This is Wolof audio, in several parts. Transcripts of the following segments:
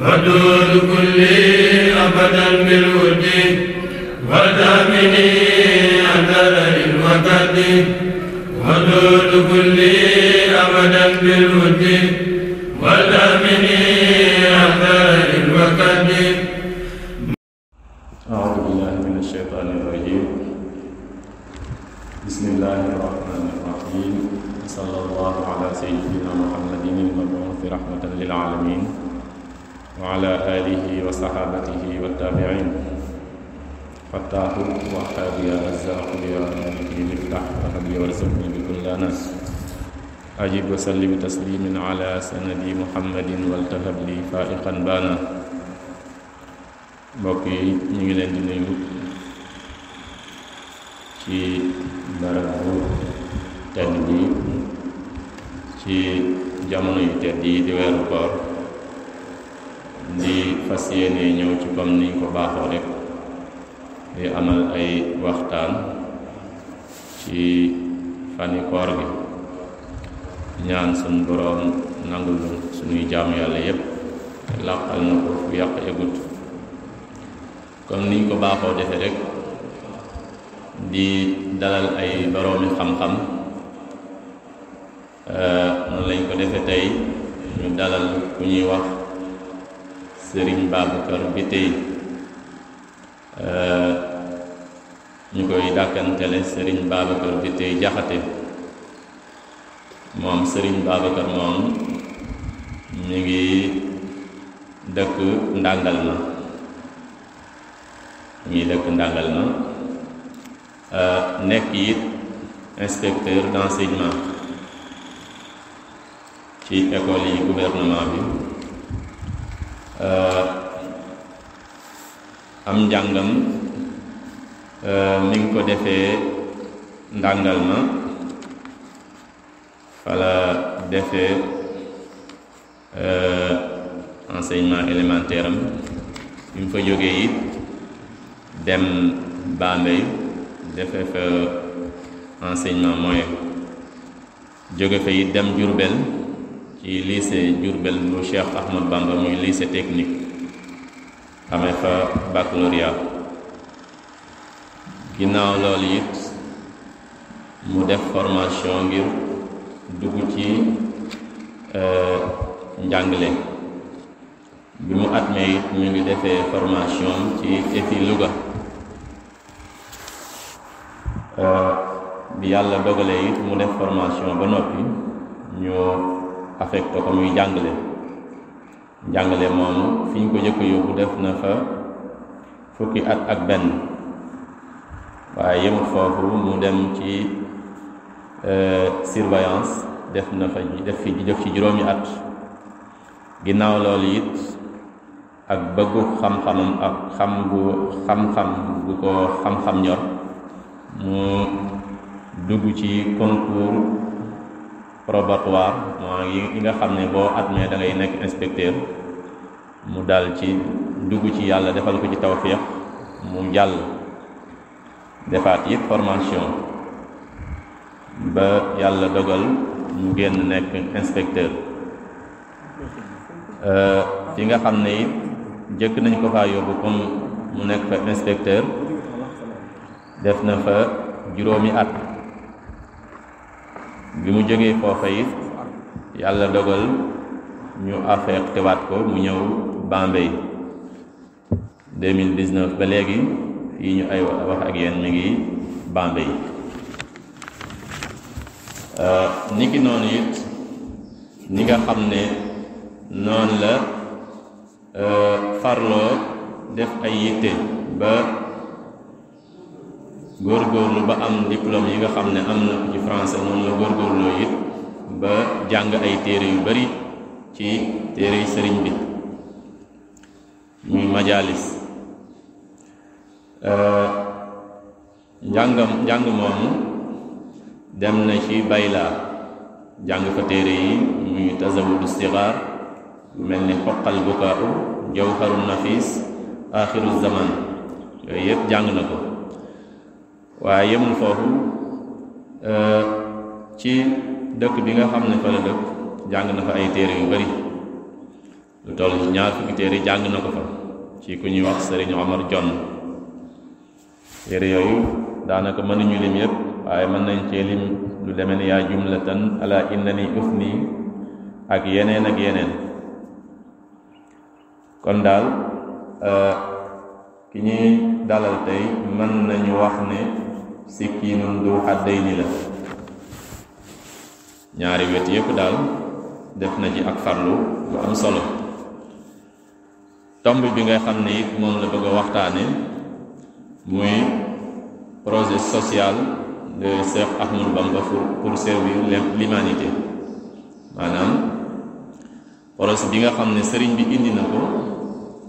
ودود كلي أبدا بالود وتامني أدر الوتد ودود كلي أبدا بالود وتامني أدر الوتد أعوذ بالله من الشيطان الرجيم بسم الله الرحمن الرحيم صلى الله على سيدنا محمد المبعوث رحمة للعالمين wa ala alihi wa saxaabatihi wa taabiin fattaahu wahaabi ya razzaaqu ya maaliki miftah wahab ya warzuqni bi kulli anas ajib wa salli bi taslimin ala sanadi muhammadin waltahab li faiqan baana mbokk yi ñu ngi leen di nuyu ci barab bu tedd bi ci jamono yu tedd yi di weeru koor di fas yéene ñëw ci comme niñ ko baaxoo rek di amal ay waxtaan ci fani koor gi ñaan suñ boroom nangul suñuy jaam yàlla yépp te làqal na ko fu yàq egut comme niñ ko baaxoo defe rek di dalal ay boroomi xam-xam euh, noonu lañ ko defe tey ñu dalal ku ñuy wax sëriñ Babacar bi tey euh, ñu koy dàkkantele sëriñ Babacar bi tey jaxate moom sëriñ Babacar moom ñu ngi dëkk ndàngal na ñu ngi dëkk ndàngal na euh, nekk it inspecteur d'enseignement ci école yi gouvernement bi Euh, am njàngam euh, mi ngi ko defee ndàngal ma fala defee euh, enseignement élémentaire am bi mu fa jógee it dem Bambey defee fa enseignement moyen jóge fa it dem Diourbel ci lycée Diourbel bu Cheikh Ahmad Bamba muy lycée technique amee fa baccalauréat ginnaaw lool it mu def formation ngir dugg ci euh, njàngale bi mu atmee it mu ngi defee formation ci EFI Louga euh, bi yàlla dogalee it mu def formation ba noppi ñoo affecté ko muy jàngale jàngale moomu fi ñu ko jëkk yóbbu def na fa fukki at ak benn waaye yemut foofu mu dem ci euh, surveillance def na fa def fi def ci juróomi at ginnaaw loolu it ak bëggu xam-xamam ak xam bu xam-xam bu ko xam-xam ñor mu dugg ci concours probatoire mooy yi nga xam ne boo admee da ngay nekk inspecteur mu dal ci dugg ci yàlla defal ko ci tawféex mu jàll defaat yëpp formation ba yàlla dogal mu génn nekk inspecteur euh, fi nga xam ne it jëkk nañ ko faa yóbbu comme mu nekk fa inspecteur def na fa juróomi at bi mu jógee foofa yi yàlla dogal ñu affectewaat ko mu ñëw Bambey 2019 ba léegi yi ñu ay wax ak yéen mi ngi Bambey euh, ni ki noonu it ni nga xam ne noonu la euh, farloo def ay yitte ba góorgóorlu ba am diplôme yi nga xam ne am na ko ci français noonu la góorgóorloo it ba jàng ay téere yu bari ci téere sëriñ bi muy majalis euh, njàngam njàng moomu dem na ci bayla jàng fa téere yi muy tasawudu sixaar mel ni xoqal bukaaru jawharu nafis axiru zaman yooyu yëpp jàng na ko waaye yemul foofu euh, ci dëkk bi nga xam ne fa la dëkk jàng na fa ay téere yu bari lu toll ci ñaar fukki téere jàng na ko fa ci ku ñuy wax sëriñ Omar Jonn téere yooyu daanaka mënuñu lim yépp waaye mën nañ cee lim lu deme ni yaa jumlatan alaa innani ufni ak yeneen ak yeneen kon daal euh, ki ñuy dalal tey mën nañu wax ne sikkiinun du xadday ni la ñaari wet yépp daal def na ci ak farlu bu am solo tomb bi ngay xam ne it moom la bëgg waxtaane muy projet social de Cheikh Ahmadou Bamba pour servir l'humanité maanaam projet bi nga xam ne sëriñ bi indi na ko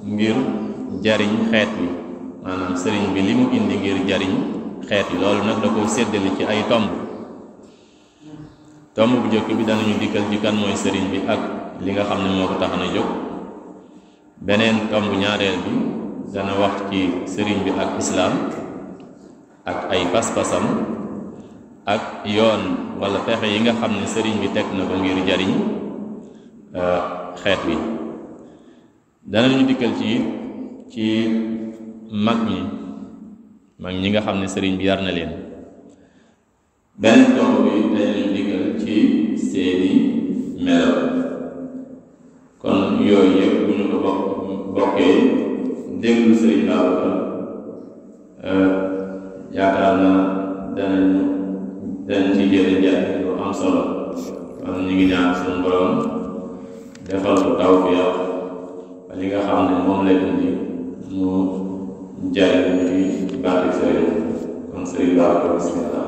ngir jariñ xeet wi maanaam sëriñ bi li mu indi ngir jariñ xeet yi loolu nag la koo séddale ci ay tomb tomb bu jëkk bi danañu dikkal ci kan mooy sëriñ bi ak li nga xam ne moo ko tax na jóg beneen tomb ñaareel bi dana wax ci sëriñ bi ak islaam ak ay pas ak yoon walla pexe yi nga xam ne sëriñ bi teg na ko ngir jariñ euh, xeet wi danañu dikkal ci ci mag ñi mag ñi nga xam ne sëriñ bi yar na leen benn tomb bi dañ leen ci seeni melaw kon yooyu yëpp bu ñu ko bokk bokkee déglu sëriñ Babacar euh, yaakaar na danañ dañ ci jële jàng lu am solo kon ñu ngi ñaan suñu borom defal ko taw fi yàq li nga xam ne moom la indi mu jariñ sëñ Ba bismillah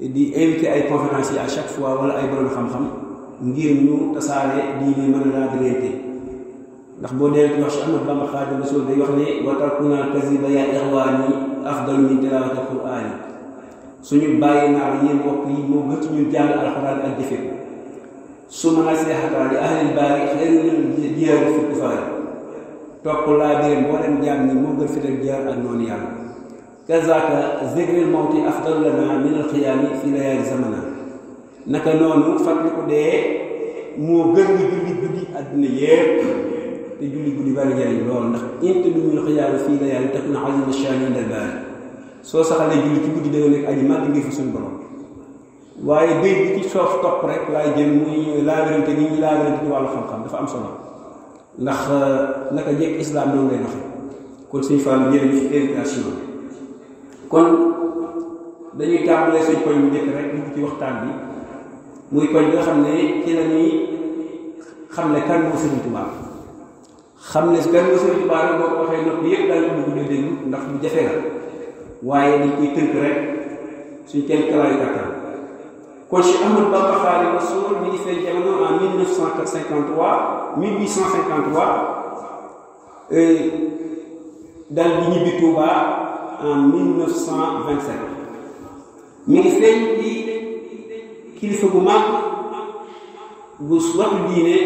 di invité ay conférenciers à chaque fois wala ay borom xam-xam ngir ñu tasaare diine mën laa drété ndax boo dee wax si Ahmadu Bamba Xaadimu Rasuul day wax ne wa tarkuna kaziba yaa ixwaani afdalu min tilaawati suñu bàyyi naa la yéen mbokk moo gën ci ñu alxuraan ak jëfe ko su ma seexataa li ahlil baari xayrun jihaadi fi kufaar topp laa biir boo dem jàng ni moo gën fital jaar ak noonu yàlla kazaka zikril mawti afdal lana min alxiyaami fi layaali zamana naka noonu fàttaliku dee moo gën nga julli guddi àdduna yépp te julli guddi bari njariñ lool ndax inte lu ñul xiyaami fii layaali takun azima shani dal baari soo saxalee julli ci guddi da nga nekk aji màgg ngir fa suñu borom waaye béy bi ci soof rek laay jël muy laabirante ni ñuy laabirante ci wàllu xam-xam dafa am solo ndax naka jekk islam noonu lay doxe kon suñu fàmm jërëjëf invitation kon dañuy tàmbalee suñ koñ bu njëkk rek dugg ci waxtaan bi muy koñ nga xam ne ci la xam ne kan moo Sëriñ Tuubaa xam ne kan moo Sëriñ Tuubaa rek boo ko waxee nopp yëpp waaye dañ koy tënk rek suñ kenn kalaayu gàttal kon Cheikh euh, dal di ñibbi Tuubaa en 1927 mi ngi feeñ di kilifa bu mag bu waxu diine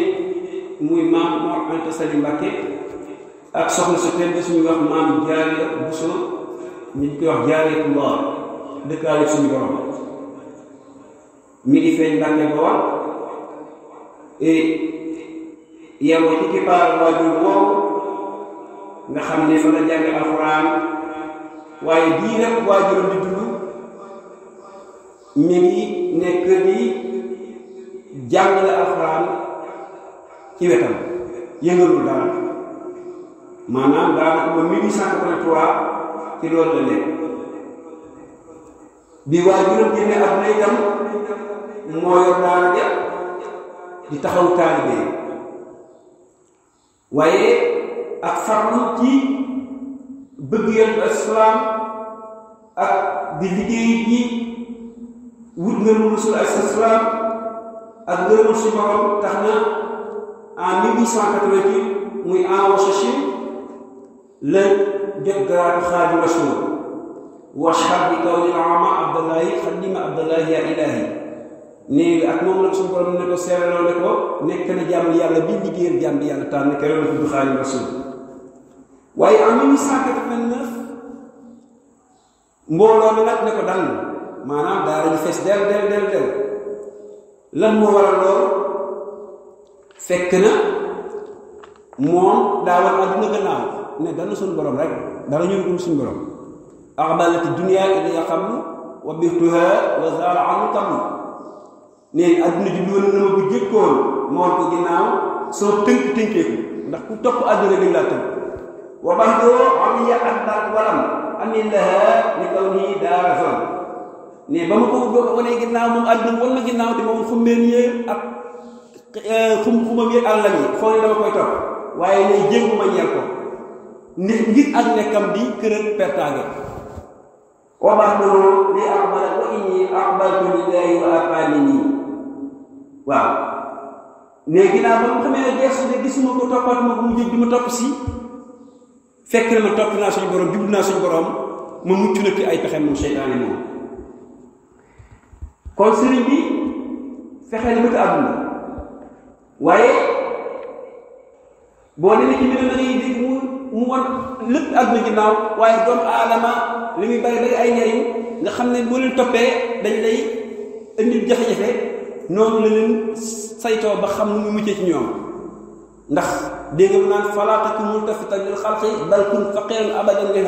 muy maam Mor Anta Sali ak soxna su tedd suñu wax maam Jaara Buso ñu koy wax Jaaratu Mboor dëkkaale suñu borom mi ngi feeñ Mbàkke ba wax yow ci kibaar waajur woowu nga xam ne fa la jànge alxuraan waaye bii rek waajuram di dund mi ngi nekk di jàngale alxuraan ci wetam yëngalul dara maanaam daanaka ba 1883 ci loolu la nekk bi waajuram génne ab na itam moo yor daara ja di taxaw taalibe waaye ak farlu ci bëgg yam islaam ak di liggéey ñi wut ngërëmu rasul ak islaam ak ngërëmul suñu borom tax na en 1888 muy en Washashi la jot garaatu xaadimu rasul washhad bi kawni ama abdallahi xadima abdallahi yaa ilahi nee ak moom la suñu borom ne ko seeraloo ne ko nekk na jàmm yàlla bi liggéeyal jàmm yàlla tànn keroog la tudd xaadimu rasul waaye en 1889 mbooloo mi nag ne ko dal maanaam daara ji fees del del del del lan moo waral loolu fekk na moom daa war àdduna gannaaw ne dana suñu borom rek dara ñu dul suñu borom axbalati dunia nga xam wa birtuha wa zaala anu tam neen àdduna ji duwoon na ma bu jëkkoon moom ko ginnaaw soo tënk tënkeeku ndax ku topp àdduna bi laa وبعد عمي حتى ولم أمن لها لكونه دافا ne ba ma ko wane ginnaaw moom àdduna wala ginnaaw di moom xumbeen yi ak eh, xum xumam yi àllam yi foog ne dama koy topp waaye lay jéegu ma ñeel ko nit ngir ak nekkam di kërëg pertaange wa baxdu li axbara wa inni axbaltu lillahi wa aqaani nii waaw ne ginnaaw ba mu xamee ne geesu ne gisuma ko toppaatuma ko mu jóg di ma topp si fekk na ma topp naa suñu borom jublu naa suñu borom ma mucc nag ci ay pexe moom seytaane moom kon sëriñ bi fexe na bëgg àdduna waaye boo demee ci mbir mu mu wan lépp àdduna ginnaaw waaye doomu aadama li muy bari bari ay njariñ nga xam ne boo leen toppee dañ lay indil jafe-jafe noonu leen saytoo ba xam nu mu muccee ci ñoom ndax dégg nga mu naan falaa takun multafitan lil xalqi bal kun faqiran abadan lil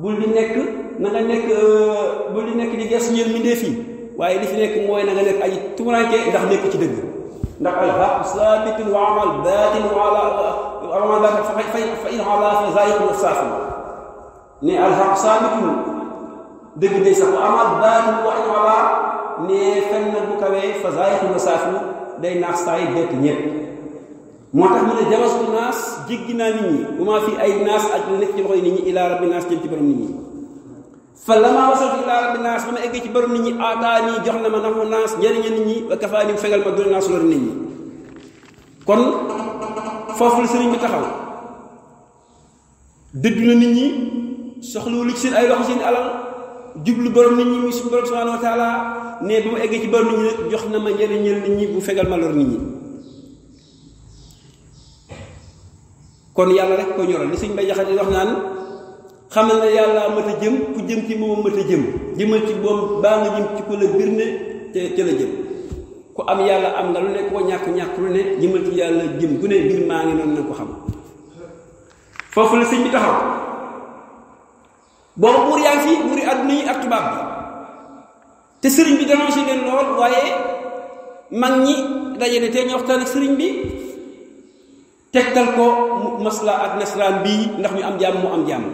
bul di nekk na nga nekk euh, bul di nekk di gestu ñeel mbindéef yi waaye li fi nekk mooy na nga nekk aji tumuranke ndax nekk ci dëgg ndax al xaq saabitun wa amal baatin wa ala amal baatin fa fa fa in ala fa zaayiqun saafi ne al xaq saabitun dëgg day sax wa amal baatin wa in ala ne fenn bu kawee fa zaayiqun saafi day naax moo tax mu ne jalastu naas jéggi naa nit ñi bu maa fi ay naas ak nekk ci loxoy nit ñi nit ñi fa lama wasaltu ilaa rabbi naas ba ma eggee ci borom nit ñi aataa nii jox na ma naxu naas njëriña nit ñi ba kafaa ni fegal ma dul naas lor nit ñi kon foofu la sëriñ bi taxaw dëddu na nit ñi soxlawu lu seen ay loxo seen alal jublu borom nit ñi muy suñu borom subhanahu wa taala ne ba ma eggee ci borom nit ñi nag jox na ma njëriñal nit ñi bu fegal ma lor nit ñi kon yàlla rek ko ñoroon li suñ bay jaxat yi wax naan xamal ne yàllaa mat a jëm ku jëm ci moom mat a jëm jëmal ci boom baa nga jëm ci ko la bir ne ca la jëm ku am yàlla am nga ne koo ñàkk-ñàkk lu yàlla jëm gu bir maa ngi noonu na ko xam foofu la sëñ bi taxaw boobu buur yaa ngi fi buuri àdduna yi ak tubaab te sëriñ bi dérangé leen lool waaye mag ñi daje ne tey ñu waxtaan sëriñ bi tegtal ko masla ak nasaraan bii ndax ñu am jàmm moo am jàmm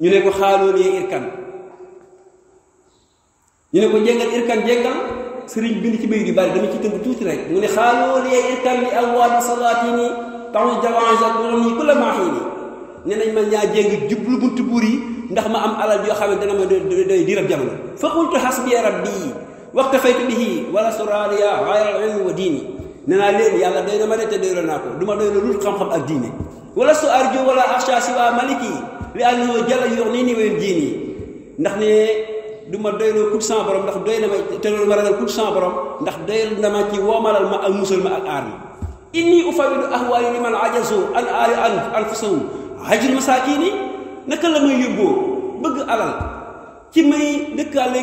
ñu ne ko xaaloon yee irkan ñu ne ko jéngal irkan jéngal sëriñ bind ci bay di bari dama ci tënk tuuti rek mu ne xaaloon yee irkan li alwaadi salaati ni taxu jawansat moom yi ku la ñaa jéng jublu buntu buur yi ndax ma am alal yoo xam ne dana ma doy diirab jamono fa qultu xasbiya rabbi waxtafaytu bihi wala suraaliya xayral ilmi wa diini nee naa leen yàlla doy na ma ne te naa ko du ma doy la xam-xam ak diine wala su arjo wala axsha si waa maliki li àlno jalla yox nii ni ween diin yi ndax ne du ma doyloo kub sans borom ndax doy na te loolu ma ragal kub sans borom ndax doy na ma ci woomalal ma ak musal ma ak aar ma inni ufawidu ahwaali li man ajazu an aari an anfusahum hajru masaakiin yi naka la may yóbboo bëgg alal ci may dëkkaale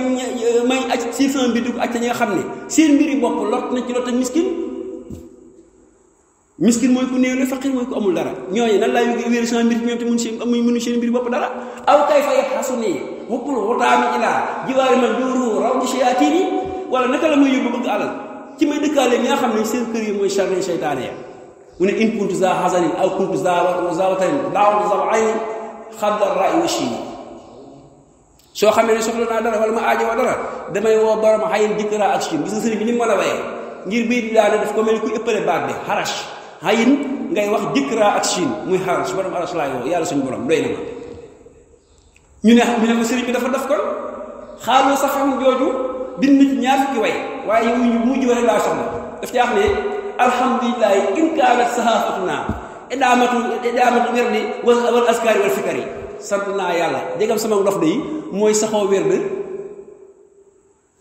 may aj si fin bi dugg ak ñi nga xam ne seen mbiri bopp lot na ci lot ak miskin miskin mooy ku néew la faqir mooy ku amul dara ñooñu nan laa yógi wéeru sama mbir ñoom te mun seen amuñ mënu seen mbir bopp dara aw kay fa yëpp xasu nii ilaa jiwaari man dóoru raw di shayatiin yi wala naka la muy yóbbu bëgg alal ci may dëkkaale ñi xam ne seen kër yi mooy charni seytaane ya mu ne in kuntu za hasanin aw kuntu za zawatayn daawatu soo xamee ne soxla naa dara wala ma aajo wa dara damay woo borom xayin jëkkëraa ak shim gis nga sëriñ bi ni mu a waye ngir bii di daane daf ko mel ni ku ëppale baat bi xarash ayin ngay wax dikra ak siin muy xaras borom aras laay woo yàlla suñu borom doy na ma ñu ne ñu ne ko sëriñ bi dafa def kon xaalu sax xam jooju bind ci ñaar fukki way waaye mu mujj wala laa soxla daf caa wax ne alhamdulilahi inkaarat sahafatuna idaamatu idaamatu werdi wal askari wal fikari sant naa yàlla dégam sama ndof de mooy saxoo werd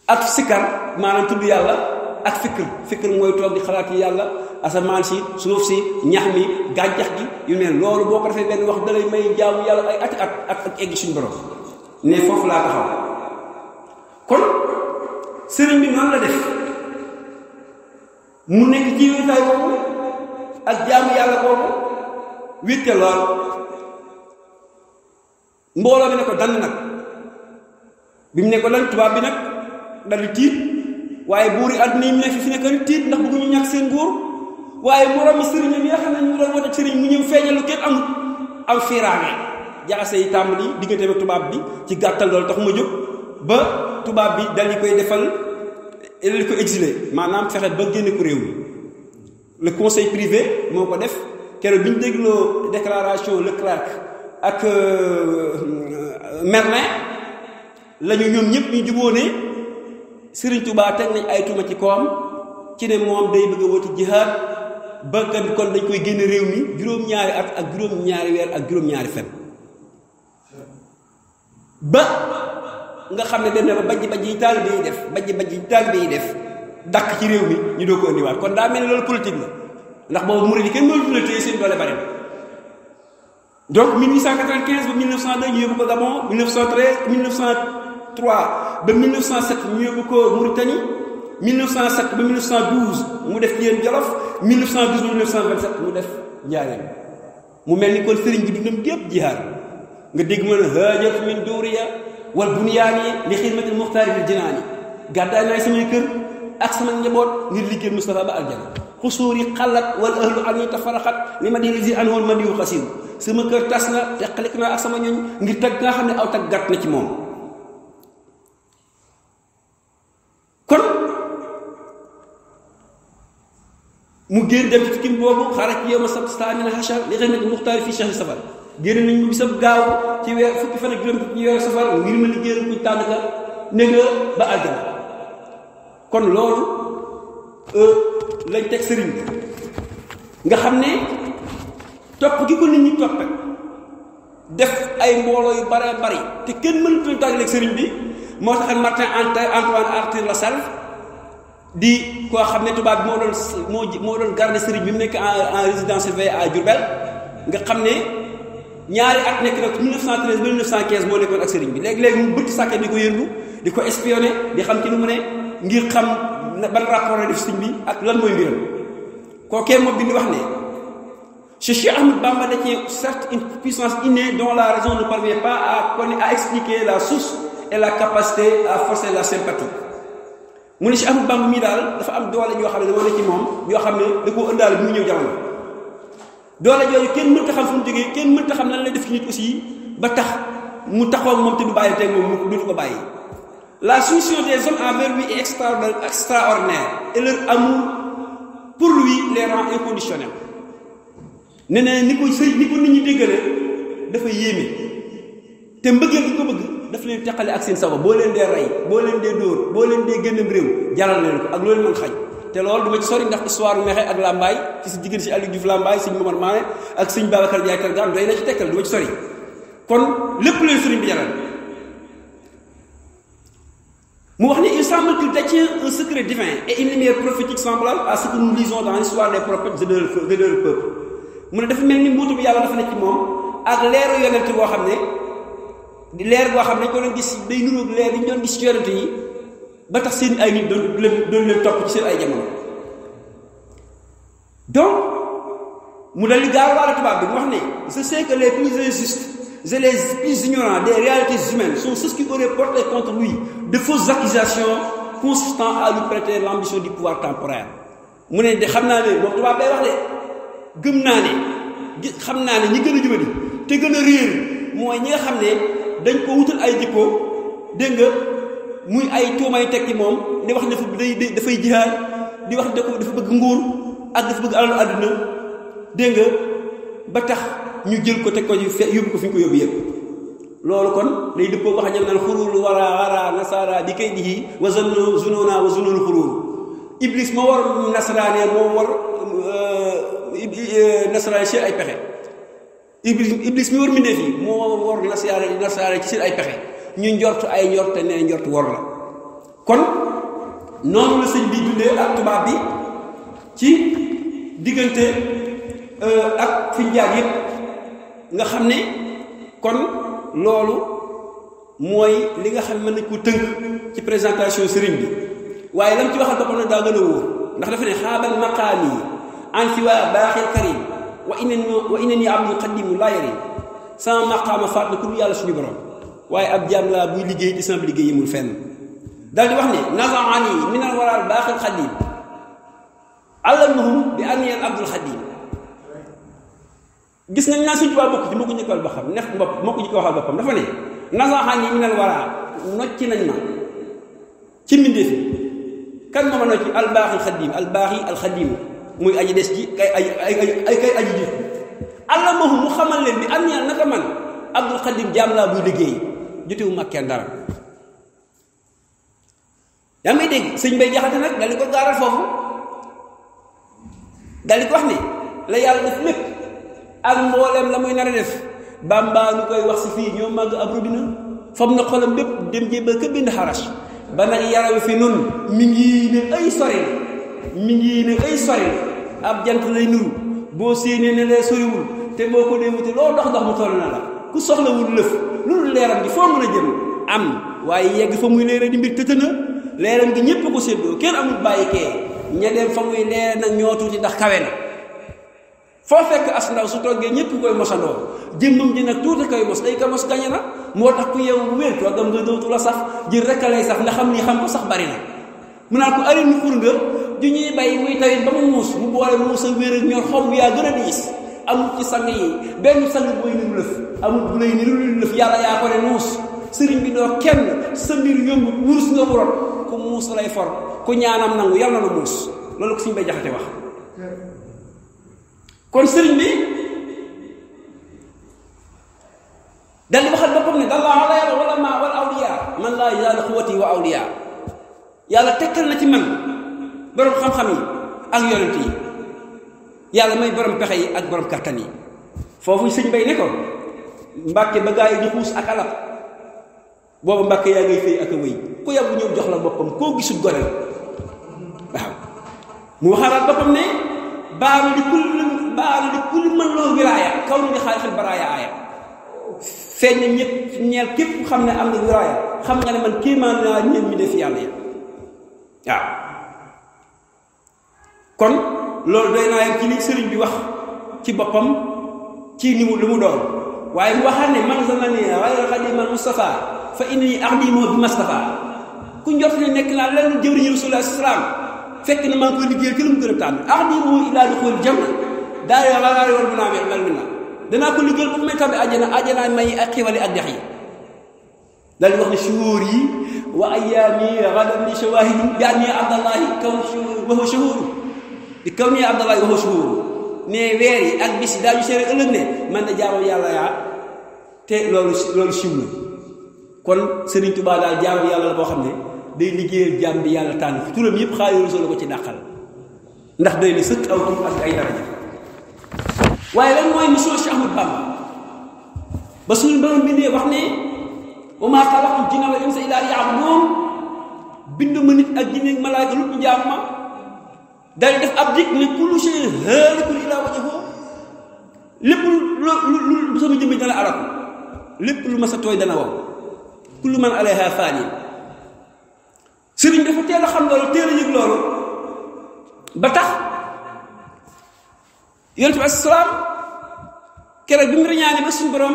ak sikar maanaam tudd yàlla ak fikr fikr mooy toog di xalaat yi yàlla asamaan si suuf si ñax mi gàncax gi yu mel loolu boo ko defee benn wax dalay may jaamu yàlla ak ak egg suñu borom ne foofu laa taxaw jaamu yàlla boobu witte lool mbooloo bi ne ko dann nag bi mu ne ko tubaab bi nag dal di waaye buur yi àdduna yi mu nekk fi nekk di tiit ndax bëgguñu ñàkk seen nguur waaye moromi sëriñ yi xam ne ñu doon woote sëriñ mu ñëw feeñal kenn amul am fiiraange jaase yi tàmbali diggante ak tubaab bi ci gàttal loolu tax ma jóg ba tubaab bi dal di koy defal dal di ko exilé maanaam fexe ba génne ko réew mi le conseil privé moo ko def keroog bi ñu dégloo déclaration le Clerc ak euh, Merlin la ñu ñoom ñëpp ñu ne Sëriñ Tuubaa teg nañ ay tuuma ci koom ci ne moom day bëgg a woti jihaad bakkan kon dañ koy génn réew mi juróom-ñaari at ak juróom-ñaari weer ak juróom-ñaari fen ba nga xam ne dem na ba bajj bajj yi taalibe yi def bajj bajj yi taalibe yi def dakk ci réew mi ñu doo ko indiwaat kon daa mel ni loolu politique la ndax boobu murid yi kenn mënatu la téye seen doole bari na donc 1895 ba 1902 ñu yóbbu ko Gabon 1913 1900 1903 ba 1907 ñu yóbbu ko Mauritanie 1907 ba 1912 mu def yéen Jolof 1912 ba 1927 mu def Njaareem mu mel ni kon sëriñ bi dundam gépp jihaar nga dégg mën a haajat min duuriya wal bunyaani li xidmatil muxtaari bil jinaani gàddaay naay samay kër ak sama njaboot ngir liggéey Mustafa ba aljana xusuuri xalat wal ahlu an yi tafaraxat li ma di lisi an woon ma diwu xasiru sama kër tas na teqalik naa ak sama ñoñ ngir tag nga xam ne aw tag gàtt na ci moom kon mu génn dem ci tukkim boobu xaaral ci yow ma sab staamina hachar li xëy na fii chahri safar génn nañ mu bisab gaaw ci weer fukki fan ak juróom ci weeru ngir mën a génn kuñ tànn ka ne nga ba àjjana kon loolu euh, lañ teg sëriñ bi nga xam ne topp gi ko nit ñi topp def ay mbooloo yu bare te kenn mënut a tàggaleeg sëriñ bi moo tax Martin Antoine Arthur Lassalle di ko xam ne tubaab bi moo doon moo moo doon garde sëriñ bi mu nekk en résidence surveillée à Diourbel nga xam ne ñaari at nekk nag 1913 ba 1915 moo nekkoon ak sëriñ bi léegi-léegi mu bëtt sàkket di ko yëndu di ko espionné di xam ci mu mu ne ngir xam ban rapport la def bi ak lan mooy koo kookee moom di ñu wax ne Cheikh Ahmed Bamba détient certes une puissance innée dont la raison ne parvient pas à connaître à expliquer la source et la capacité à forcer la sympathie mu ne Cheikh Ahmadou Bamba mii daal dafa am doole yoo xam ne dama ne ci moom yoo xam ne da koo ëndaale bi mu ñëw jamono doole jooju kenn mënta xam fu mu jógee kenn mënta xam lan lay def ci nit aussi ba tax mu taxaw moom te du bàyyi tey moom du ko bàyyi. la soumission des hommes envers lui est extraordinaire et leur amour pour lui les rend inconditionnels nee na ni ko sëy ni ko nit ñi déggale dafa yéeme te mbëggeel ko bëgg. daf leen teqale ak seen sago boo leen dee rey boo leen dee dóor boo leen dee génnam réew jaral leen ko ak loolu mën xaj te loolu du ma ci sori ndax histoire mexe ak Lambaay ci si diggante si Aliou Diouf Lambaay sëñ Momar Maane ak sëñ Babacar Diaye Targam doy na kon lépp leen sëriñ bi mu wax ne il semble qu'il détient un secret divin et une lumière prophétique semblable à ce que nous lisons dans l'histoire des prophètes et ne dafa mel bi yàlla dafa nekk ci moom ak leeru yonent boo xam ne di leer boo xam ne ko doon gis day nuróog leer yi ñu doon gis ci yonent yi ba tax seen ay nit doon leen doon leen topp ci seen ay jamono donc mu dal di gaaw a tubaab bi mu wax ne je sais que les plus injustes et les plus ignorants des réalités humaines sont ceux qui auraient porté de fausses accusations consistant à lui prêter l'ambition du pouvoir temporaire mu ne de xam naa ne moom tubaab bay wax de gëm naa ne xam naa ne ñi gën a jubadi te gën a réer mooy ñi nga xam ne dañ ko wutal ay jikko dégg nga muy ay tuumay teg moom di wax ne dafa dafay jihaar di wax ne dafa bëgg nguur ak dafa bëgg alalu àdduna dégg ba tax ñu jël ko teg ko yu fe yóbbu ko fi ñu ko yóbbu yëpp. loolu kon day dëppoo wax jëm naan xurulu wara wara nasara bi kay dihi wa zunnu zununa wa zunnul xurul iblis moo war nasaraane moo war euh, euh, nasaraane ay pexe. iblis iblis mi war mbindéef yi moo war nasaare nasaare ci seen ay pexe ñu njort ay njort te nee njort war la kon noonu la sëñ bi dundee ak tubaab bi ci diggante euh, ak fi jaar yëpp nga xam ne kon loolu mooy li nga xam ne mën nañ ko tënk ci présentation sëriñ bi waaye lam ci waxal boppam nag daa gën a wóor ndax dafa ne xaabal maqaami an siwa baaxil karim wa ineen wa ineen yi abdul xadimu laa yarin sama maqaama faat na ku dul yàlla suñu borom waaye ab jaam laa buy liggéey di sama liggéey yemul fenn daal di wax ne nasaani minal waral baaxil xadim gis nañ naa suñ tubaab bokk ci moo ko njëkkal ba xam bopp moo ko njëkk waxal boppam dafa ne nasaani nocci nañ ma ci mbindeef kan moo ma nocci albaaxil xadim albaaxi muy aji des ji kay aji ay ay kay aji ji allah mahu mu xamal leen bi am ñaa naka man abdul xadim jaam laa buy liggéey jotewu mag kenn dara yaa may dégg sëñ bay jaxate nag dal di ko gaaral foofu dal di ko wax ne la yàlla def lépp ak mbooleem la muy nar a def bàmbaa nu koy wax si fii ñoo màgg ab rubina fam na xolam bépp dem jébbal ka bind xaras ba nag yarawi fi nun mi ngi ne ay sori mi ngi ne ay sori ab jant lay nuru boo séenee ne lay soriwul te boo ko dee wuti loo dox dox mu toll na la ku soxlawul lëf loolu leeram gi foo mun a jëm am waaye yegg fa muy leere di mbir tëtë na leeram gi ñépp ko séddoo kenn amul bàyyi kee ña dem fa muy leere nag ñoo tuuti ndax kawe na foo fekk as ndaw su toggee ñëpp koy mosandoo jëmmam ji nag tuuti koy mos day ko mos gañe na moo tax ku yeewu wér toggam nga dootu la sax jël rek a lay sax nga xam ni xam ko sax bari na mu ju ñuy bay muy tawit ba mu muus mu boole muus a wéer ak ñor xom yaa gën a diis amul ci sang yi benn sang mooy niru lëf amul bu lay ni lu lëf yàlla yaa ko ne sëriñ bi doo kenn sa mbir yomb muus nga wuroon ku muus lay for ku ñaanam nangu yàlla na muus loolu ko kon sëriñ bi dal di waxal boppam ne dallaahu laa yàlla wala maa wala awliyaa man laa yàlla xuwati wa awliyaa yàlla tekkal na ci man borom xam-xam yi ak yonent yi yàlla may borom pexe yi ak borom kàttan yi foofu sëñ bay ne ko mbàkke ba gaa yi di xuus ak alal boobu mbàkke yaa ngay fay ak a wéy ku yàgg ñëw jox la boppam koo gisul gore waaw mu waxaaraat boppam ne baalu li kul baalu kul mën loo wilaaya kaw ni di xaalisal baraaya aaya feeñ na képp xam ne am na wilaaya xam nga ne man kéemaan naa ñeen mi def yàlla ya waaw kon loolu doy naa yem ci ni sëriñ bi wax ci boppam ci lu mu doon waaye mu waxaat ne man zamani ghayra xadima Mustafa fa inni axdimu bi Mustafa ku njort ne nekk naa lan jëwriñu Rasulullah salaam fekk na maa ngi koy liggéeyal mu gën a tànn axdimu ilaa duxul janna daa yor laa yor bu naa mel mi naa danaa ko liggéeyal bu may tàbbi àjjana àjjana may ak xiwali ak dex yi daal wax ne shuhur yi wa ayyaami ghadan li shawahidi bi anni di kaw nii Abdoulaye waxoo suur ne weer yi ak bis yi seere ëllëg ne man na jaamu yàlla yaa te loolu loolu siiw na kon Serigne Touba daal jaamu yàlla la boo xam ne day liggéeyal jaam bi yàlla tànn fi turam yëpp xaar yoo ko ci dàqal ndax doy na sëkk aw tur ak ay daraja waaye lan mooy mission Cheikh ba suñu borom bindee wax ne wa maa xalaqtu jinna wal insa illaa liya'buduun bind ma nit ak jinne ak malaaka lu ñu jaam daal di def ab dig ni kullu shay'in haalikun illaa wajhahu lépp lu lu lu sama jëmbi dana arab lépp lu ma sa tooy dana wow kullu man alayha faani sëriñ dafa teel a xam loolu teel a yëg loolu ba tax yonent bi asalaam keroog bi mu reñaane ba suñu borom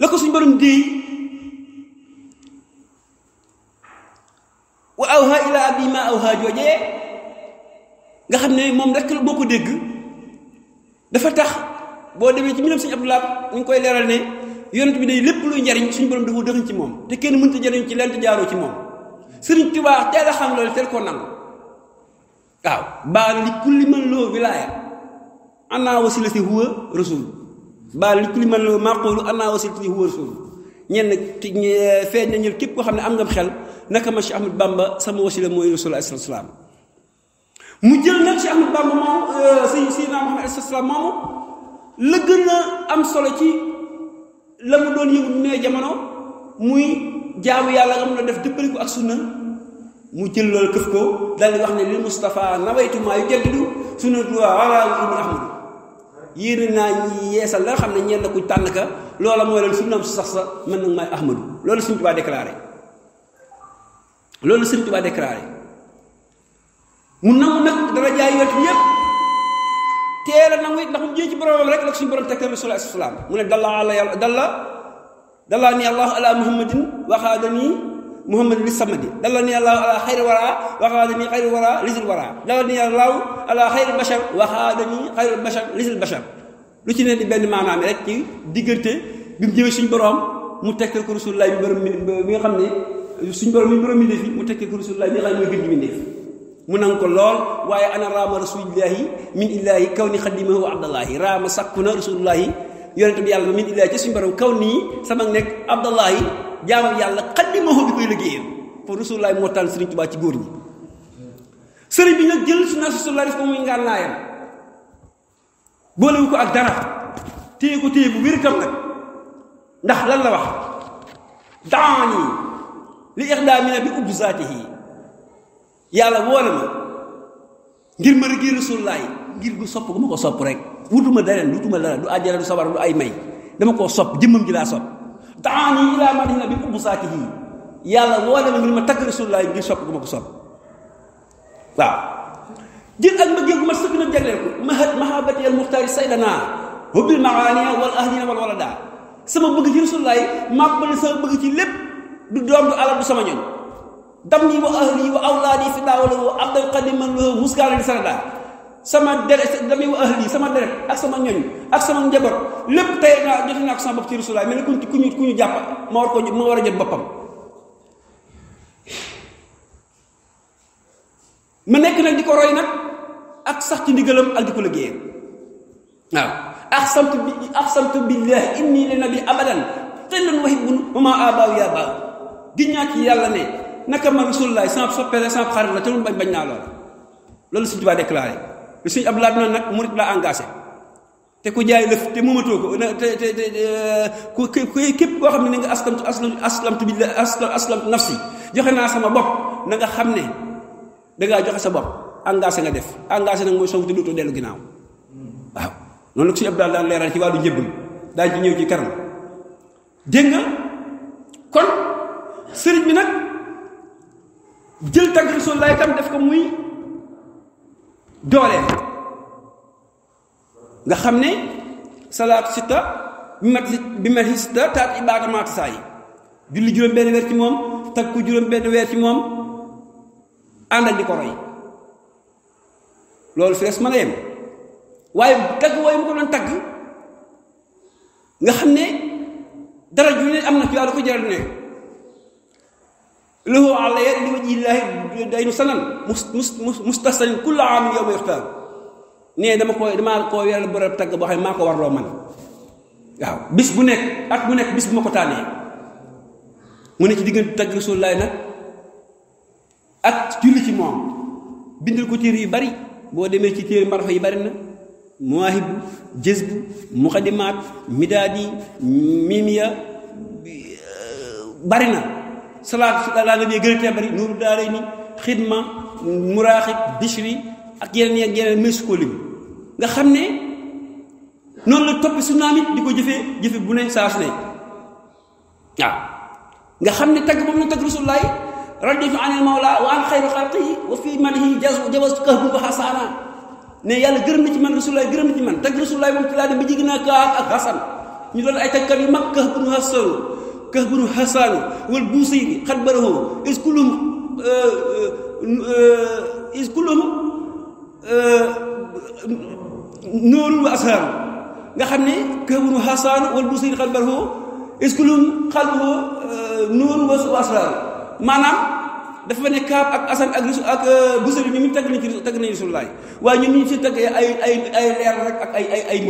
la ko suñu borom déy bu wa awha ila abdi ma awha joojee nga xam ne moom rek boo ko dégg dafa tax boo demee ci mbiram sëñ Abdoulaye ñu koy leeral ne yonent bi de lépp luy njariñ suñu borom dafa dëxañ ci moom te kenn mënta jariñ ci lent jaaroo ci moom sëriñ Tuubaa teel a xam loolu teel koo nangu waaw baal li kulli man loo wilaaya ana wasilati huwa rasul baal li kulli man loo maqulu ana wasilati huwa rasul ñenn eh, feeñ na ñël képp koo xam ne am nga xel naka ma Cheikh Ahmad Bamba sama wasila mooy rasulullah sallallahu alayhi jël nag Cheikh Ahmad Bamba moom euh, solo ci la mu doon jamono muy jaamu yàlla nga mun def dëppaliku ak sunna mu jël loolu këf ko daal di ne li Moustapha nawaytumaa yu jaddidu sunnatu wala mu ahmadu yéen naa ñi xam ne ñeen na tànn ka loola mooy su sax sa man nag maay ahmadu loolu suñ tubaa déclaré loolu sëñ Tuubaa déclaré mu nangu nag dara jaay yonent ñëpp teel a nangu ndax mu jëyee ci boromam rek la ko suñu borom tegtal rasul alayhi salaam mu ne dalla ala yàlla dalla dalla ni allahu ala muhammadin waxaada ni muhammadin li samadi dalla ni allahu ala xayri wara waxaada ni xayri wara lisil lu ci ne benn maanaam rek ci diggante bi mu jëwee suñu borom mu tegtal ko rasulullah bi borom bi nga xam ne suñ borom mi borom mu tekkee ko rasulullah mi nga ne mooy gën gi mindeef mu nang ko lool waaye ana raama rasulillahi min illahi kaw ni xadimahu abdallahi raama sakku na rasulullahi yonente bi yàlla ba min illahi ci suñu borom kaw nii sama nekk abdallahi jaamu yàlla xadimahu bi koy liggéeyal pour rasulullahi moo tànn sëriñ Tuubaa ci góor ñi sëriñ bi nag jël sunna rasulullah def ko muy ngànnaayam boolewu ko ak dara téye ko téye bu wér kam nag ndax la wax li ixdaami na bi ubbi saatihi yàlla woo ma ngir ma rëggee rasulullaay ngir gu sopp gu ma ko sopp rek wutuma dareen wutuma la du àjjana du sabar du ay may dama koo sopp jëmmam ji laa sopp taani ilaa madina na bi ubbi saatihi yàlla woo na ma ngir ma takk rasulullaay ngir sopp gu ma ko sopp waaw ma sëkk na jagleel ko mahat mahabati al muxtaari saydana hubbil maaniya wal ahlina wal sama bëgg ci rasulullaay bëgg ci lépp du doom du alal du sama ñoñ dam yi wa ahli wa awlaadi fi daawala wa abdal qadim man lo muskaana di sarada sama deret dam yi wa ahli sama deret ak sama ñoñ ak sama njaboot lépp tey naa jot naa sama bopp ci rasulaay mel ni ku ñu ku ñu jàpp ma war ko ma war a jot boppam ma nekk nag di ko roy nag ak sax ci ndigalam ak di ko liggéeyee waaw axsamtu bi axsamtu billah inni li nabi abadan xillan wahibun wa ma abaaw yaa baaw gis naa ci yàlla ne naka ma rasulullaay sama soppere sama xarit la te lu bañ bañ naa lool loolu suñ tubaa déclaré lu suñ abdulaa duna nag murit la engagé te ku jaay lëf te moomatoo ko te te ku képp koo xam ne ni nga aslamtu aslamtu bi aslamtu nafsi joxe naa sama bopp na nga xam ne dangaa joxe sa bopp engagé nga def engagé nag mooy soogu te dootoo dellu ginnaaw waaw noonu nag suñu abdulaa daan leeral ci wàllu njëbbal daañu ci ñëw ci kanam dégg nga kon sëriñ bi nag jël tàgg Rasulullah itam def ko muy dooleem nga xam ne salaat sitta bi mat bi mat sitta taat ibaada maatu saa yi julli juróom benn weer ci moom tag ko juróom benn weer ci moom ànd ak di ko loolu fi des mën yem waaye tagg wooyu mu ko doon tagg nga xam ne dara ju am na ci yàlla ko jaral ne lahu alaya li wajhillahi daynu sanan mus mus mustasanin kulla aamin yow ma yuxtaar nee dama koy damaa koo weeral borom tagg boo xam ne maa ko warloo man waaw bis bu nekk ak bu nekk bis bu ma ko tànnee mu ne ci diggante tagg rasulullahi nag ak julli ci moom bindal ko téere yu bari boo demee ci téere marfa yi bari na muwaahibu jëzbu muqaddimaat midaadi mimiya euh, bari na salaat su laa leen gën a tee bëri nuuru daare ni xidma muraaxib bishri ak yeneen yeeg yeneen mësu ko nga xam ne noonu la topp sunnaam it di ko jëfe jëfe bu ne saa su ne waaw nga xam ne tagg moom la tagg rasulullahi raditu anil mawla wa an xayru xalqihi wa fi manhi jawastu kahbu ba xasaana ne yàlla gërëm na ci man rasulullahi gërëm na ci man tagg rasulullahi moom ci laa dem ba jigi naa kaa ak xasan ñu doon ay tagkat yu mag kahbu xasanu كهبر حسان والبوصيري قد بره إذ كلهم إذ كلهم نور وأسهار nga xam ne këbunu xasaan wala bu sëy xal barxoo iskulum xalboo nuun wa su maanaam dafa ne kaab ak asan ak ak bu sëy ñu mu tagg nañ ci tagg nañu waaye ñun ñu ci tagg ay ay ay leer rek ak ay ay ay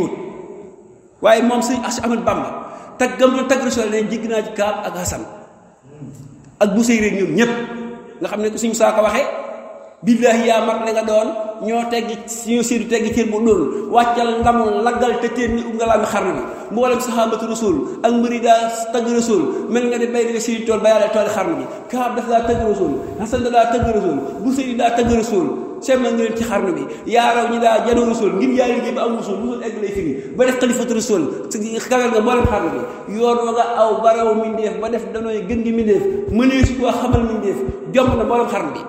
waaye moom sëñ Ahmad Bamba taggam doon tagg rasul ne jégg naa ci kaab ak hasan ak bu sëy rek ñoom ñépp nga xam ne ko suñu saaka waxee billaahi yaa mag la nga doon ñoo teggi ñoo séedu teggi cër bu dul wàccal ngamul laggal te teen ni ub nga laami xarnu bi mboolem sahabatu rasul ak mbëri daa tagg rasul mel nga di bay daa tagg rasul xasan da daa daa tagg rasul seem na nga leen ci xarnu bi yaaraw ñi daa janoo rasul ngir yaa liggéey ba am rasul rasul egg lay firi ba def xalifatu rasul kawel nga mboolem xarnu bi yoon wa nga aw baraw mindeef ba def danooy gën gi mindeef mënee su koo xamal mindeef jomb na mboolem bi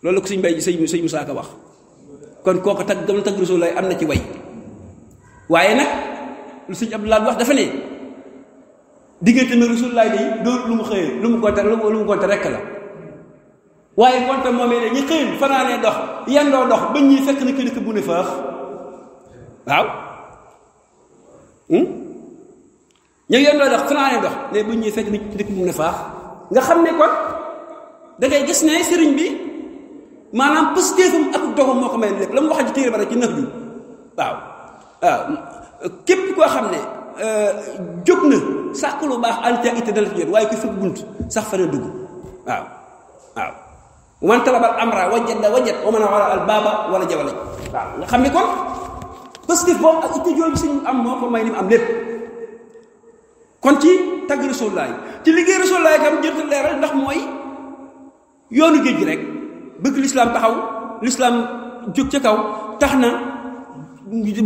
loolu la ko sëñ mbay ji sëñ sëñ Musaa Ka wax kon kooku tag gam tag rasul lay am na ci way waaye nag lu sëñ Abdoulaye wax dafa ne diggante na rasul lay day doon lu mu xëyee lu mu gonte lu mu gonte rekk la waaye gonte moomee ne ñi xëyeen fanaanee dox yendoo dox ba ñuy fekk na kii bu ne faax waaw hmm? ñu yendoo dox fanaanee dox ne ba ñuy fekk na kii bu ne faax nga xam ne kon da gis ne sëriñ bi maanaam pëstéefam ak dogam moo ko may lépp la mu wax ci téere ba rek ci nëx ju waaw waaw képp koo xam ne euh, jóg na sàkk lu baax altia itte dana ci jot waaye ku fekk sax fa na dugg waaw waaw wan wa man wara al baaba wala jabala xam ne kon pëstéef boobu ak itte jooju si ñu am moo ko may ni mu ci tagg Rasulullaay ci liggéey Rasulullaay kam jërta leeral ndax mooy yoonu géej gi rek bëgg lislaam taxaw lislaam jóg ca kaw tax na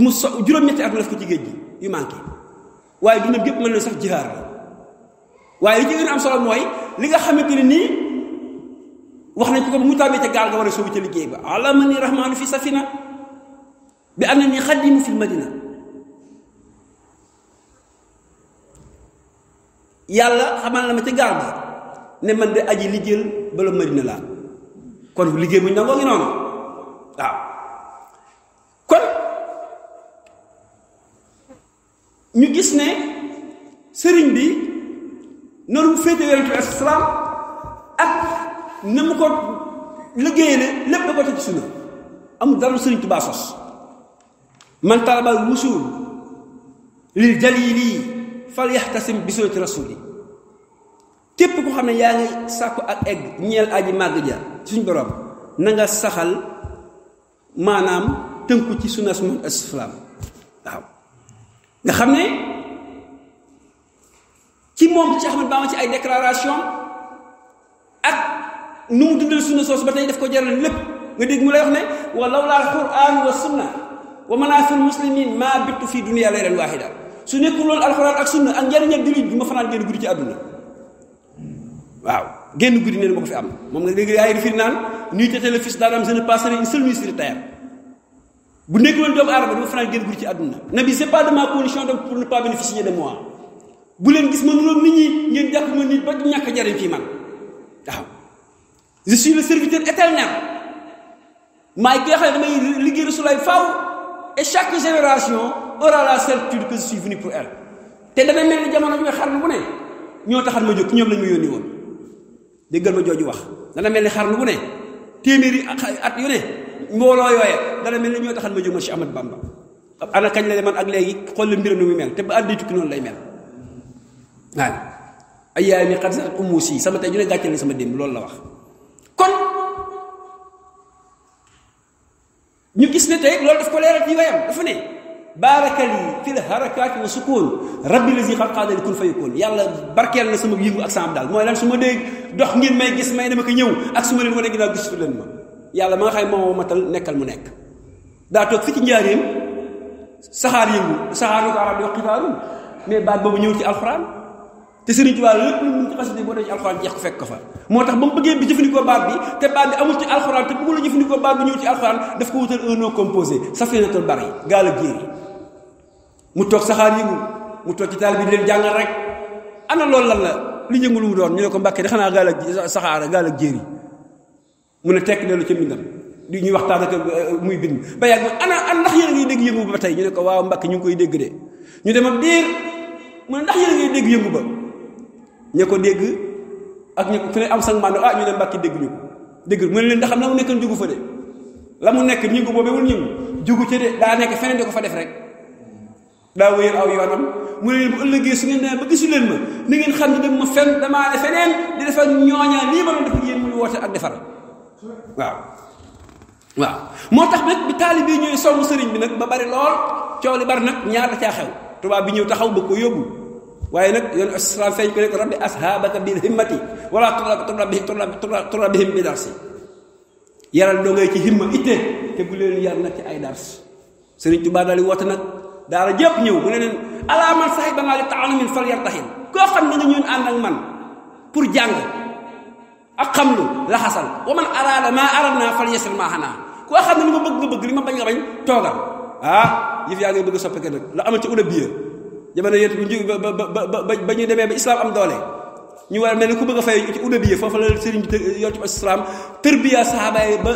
mu so juróom-ñetti at na def ko jigéen géej gi yu manqué waaye dundam gépp mën na sax jihaar la waaye li ci gën am solo mooy li nga xamante ni nii wax nañ ko ba mu tàbbee ca gaal nga war a sóobu ca liggéey ba alama ni rahmaanu fi safina bi am na ni xadimu fil madina yàlla xamal na ma ca gaal ba ne man de aji liggéeyal bala madina laa kon liggéey bu ñu nangoo ngi noonu waaw kon ñu gis ne sëriñ bi noonu mu féete yonent bi asalaam ak na mu ko liggéeyale lépp da ko teg ci sunna amul dara sëriñ Tuubaa sos man talabal wusul lil jalili fal yaxtasim bi sunnati rasuli képp ko xam ne yaa ngi sàkku ak egg ñeel aji màgg ja suñ borom na saxal maanaam tënku ci sunna suma islaam waaw nga xam ne ci moom ci Ahmad Bamba ci ay déclaration ak nu mu dundal sunna soosu ba tey daf ko jaral lépp nga dégg mu lay wax ne wa lawla alquran wa sunna wa manaafiul muslimin maa bittu fii dunya laylan waahida su nekkul loolu alquran ak sunna ak njariñ ak jullit bi ma fanaan génn guddi ci àdduna waaw génn guddi neen ma ko fi am moom nga dégg yaa ngi firi naan nuit était le fils d'Adam je ne passerai une seule nuit sur terre bu nekkoon doomu aadama dama fanaan ci àdduna nabi c'est pas ne pas leen gis ma nuróom nit ñi ngeen jàpp ma nit ba ñàkk a fii man waaw je suis le serviteur éternel maay ki nga xam ne damay liggéey Rasulaay faaw et chaque génération aura la certitude que je suis pour elle te dana mel ni jamono bi nga xar bu ne ñoo taxat ma jóg ñoom lañ ma yónni woon déggal ma jooju wax dana mel ni xarnu bu ne téeméeri at yu ne mbooloo yooye dana mel ni ñoo taxal ma jóg ma Cheikh Ahmad Bamba ana kañ la man ak léegi xool mbiram nu muy mel te ba at di tukki noonu lay mel waaw ay yaay ni xat umuus yi sama tey ñu ne gàcce na sama démb loolu la wax kon ñu gis ne tey loolu daf ko leeral ci wayam dafa ne baaraka lii fil harakaati wa sukuun rabbi lazi xalqaadali kun fayakun yàlla barkeel na sama yëngu ak sama daal mooy lan su ma dee dox ngeen may gis may dama ko ñëw ak su ma leen wane ginnaaw gisatu leen ma yàlla ma nga xam ne moo nekkal mu nekk daa ci njaareem saxaar yëngu saxaar la ko arab di wax xifaarun mais baat boobu ñëw ci alxuraan te Sëriñ Tuubaa lépp lu mu ci xasida boo dee ci alxuraan jeex ko fekk ko fa moo tax ba mu bëggee bi jëfandikoo baat bi te baat bi amul ci alxuraan te bëggul jëfandikoo baat bi ñëw ci alxuraan daf ko wutal un nom composé safinatul bari gaal mu toog saxaar yëngu mu toog ci taal bi leen jàngal rek ana loolu lan la li yëngu lu doon ñu ne ko mbàkke xanaa gaal ak saxaara gaal ak mu ne tekk dellu ca mbindam di ñuy waxtaan ak euh, muy bind ba yàgg ana ana ndax yéen a ngi dégg yëngu tey ñu ne ko waaw mbàkke ñu ngi koy dégg ñu demam diir mu ne ndax yëngu ba ña ko dégg ak ña ko fi am sang mando ah ñu ne mbàkke dégg ñu dégg mu ne leen ndax xam na mu nekkoon jugu fa de la mu nekk ñëngu boobee wul ñu jugu ca de daa nekk feneen di ko fa def rek daa wéyal aw yoonam mu ne leen bu ëllëgee su ngeen demee ba gisu leen ma ni ngeen xam ne dem ma fen damaa ne feneen di defal ñooñaa lii ma doon def yéen muy woote ak defar waaw waaw moo tax nag bi taalibe yi ñooy song sëriñ bi nag ba bari lool coow li bari nag ñaar la caa xew tubaab bi ñëw taxaw ba ko yóbbu waaye nag yoon islam feeñ ko nekk rabbi ashabaka bil himmati wala turra bihim bi darsi yaral doo ngay ci himma itte te bu leen yar ci ay dars sëriñ Tuubaa daal di woote daal jëpp ñëw mu ne leen ala man sax ba maa li taalumin fal yartaxil koo xam ne nga ànd ak man pour jàng ak xam lu laxasal wa man araada maa arad naa fal yasir maa xanaa koo xam ne li ma bëgg nga bëgg li ma bañ nga bañ toogal ah yëf yaa ngay bëgg a soppike nag la amal ci ula biir jamono yéen bu ñu ba ba ba ñu demee ba islam am doole ñu war mel ni ku bëgg fay ci ula biir foofu la sëriñ bi yor ci islam tërbiya ba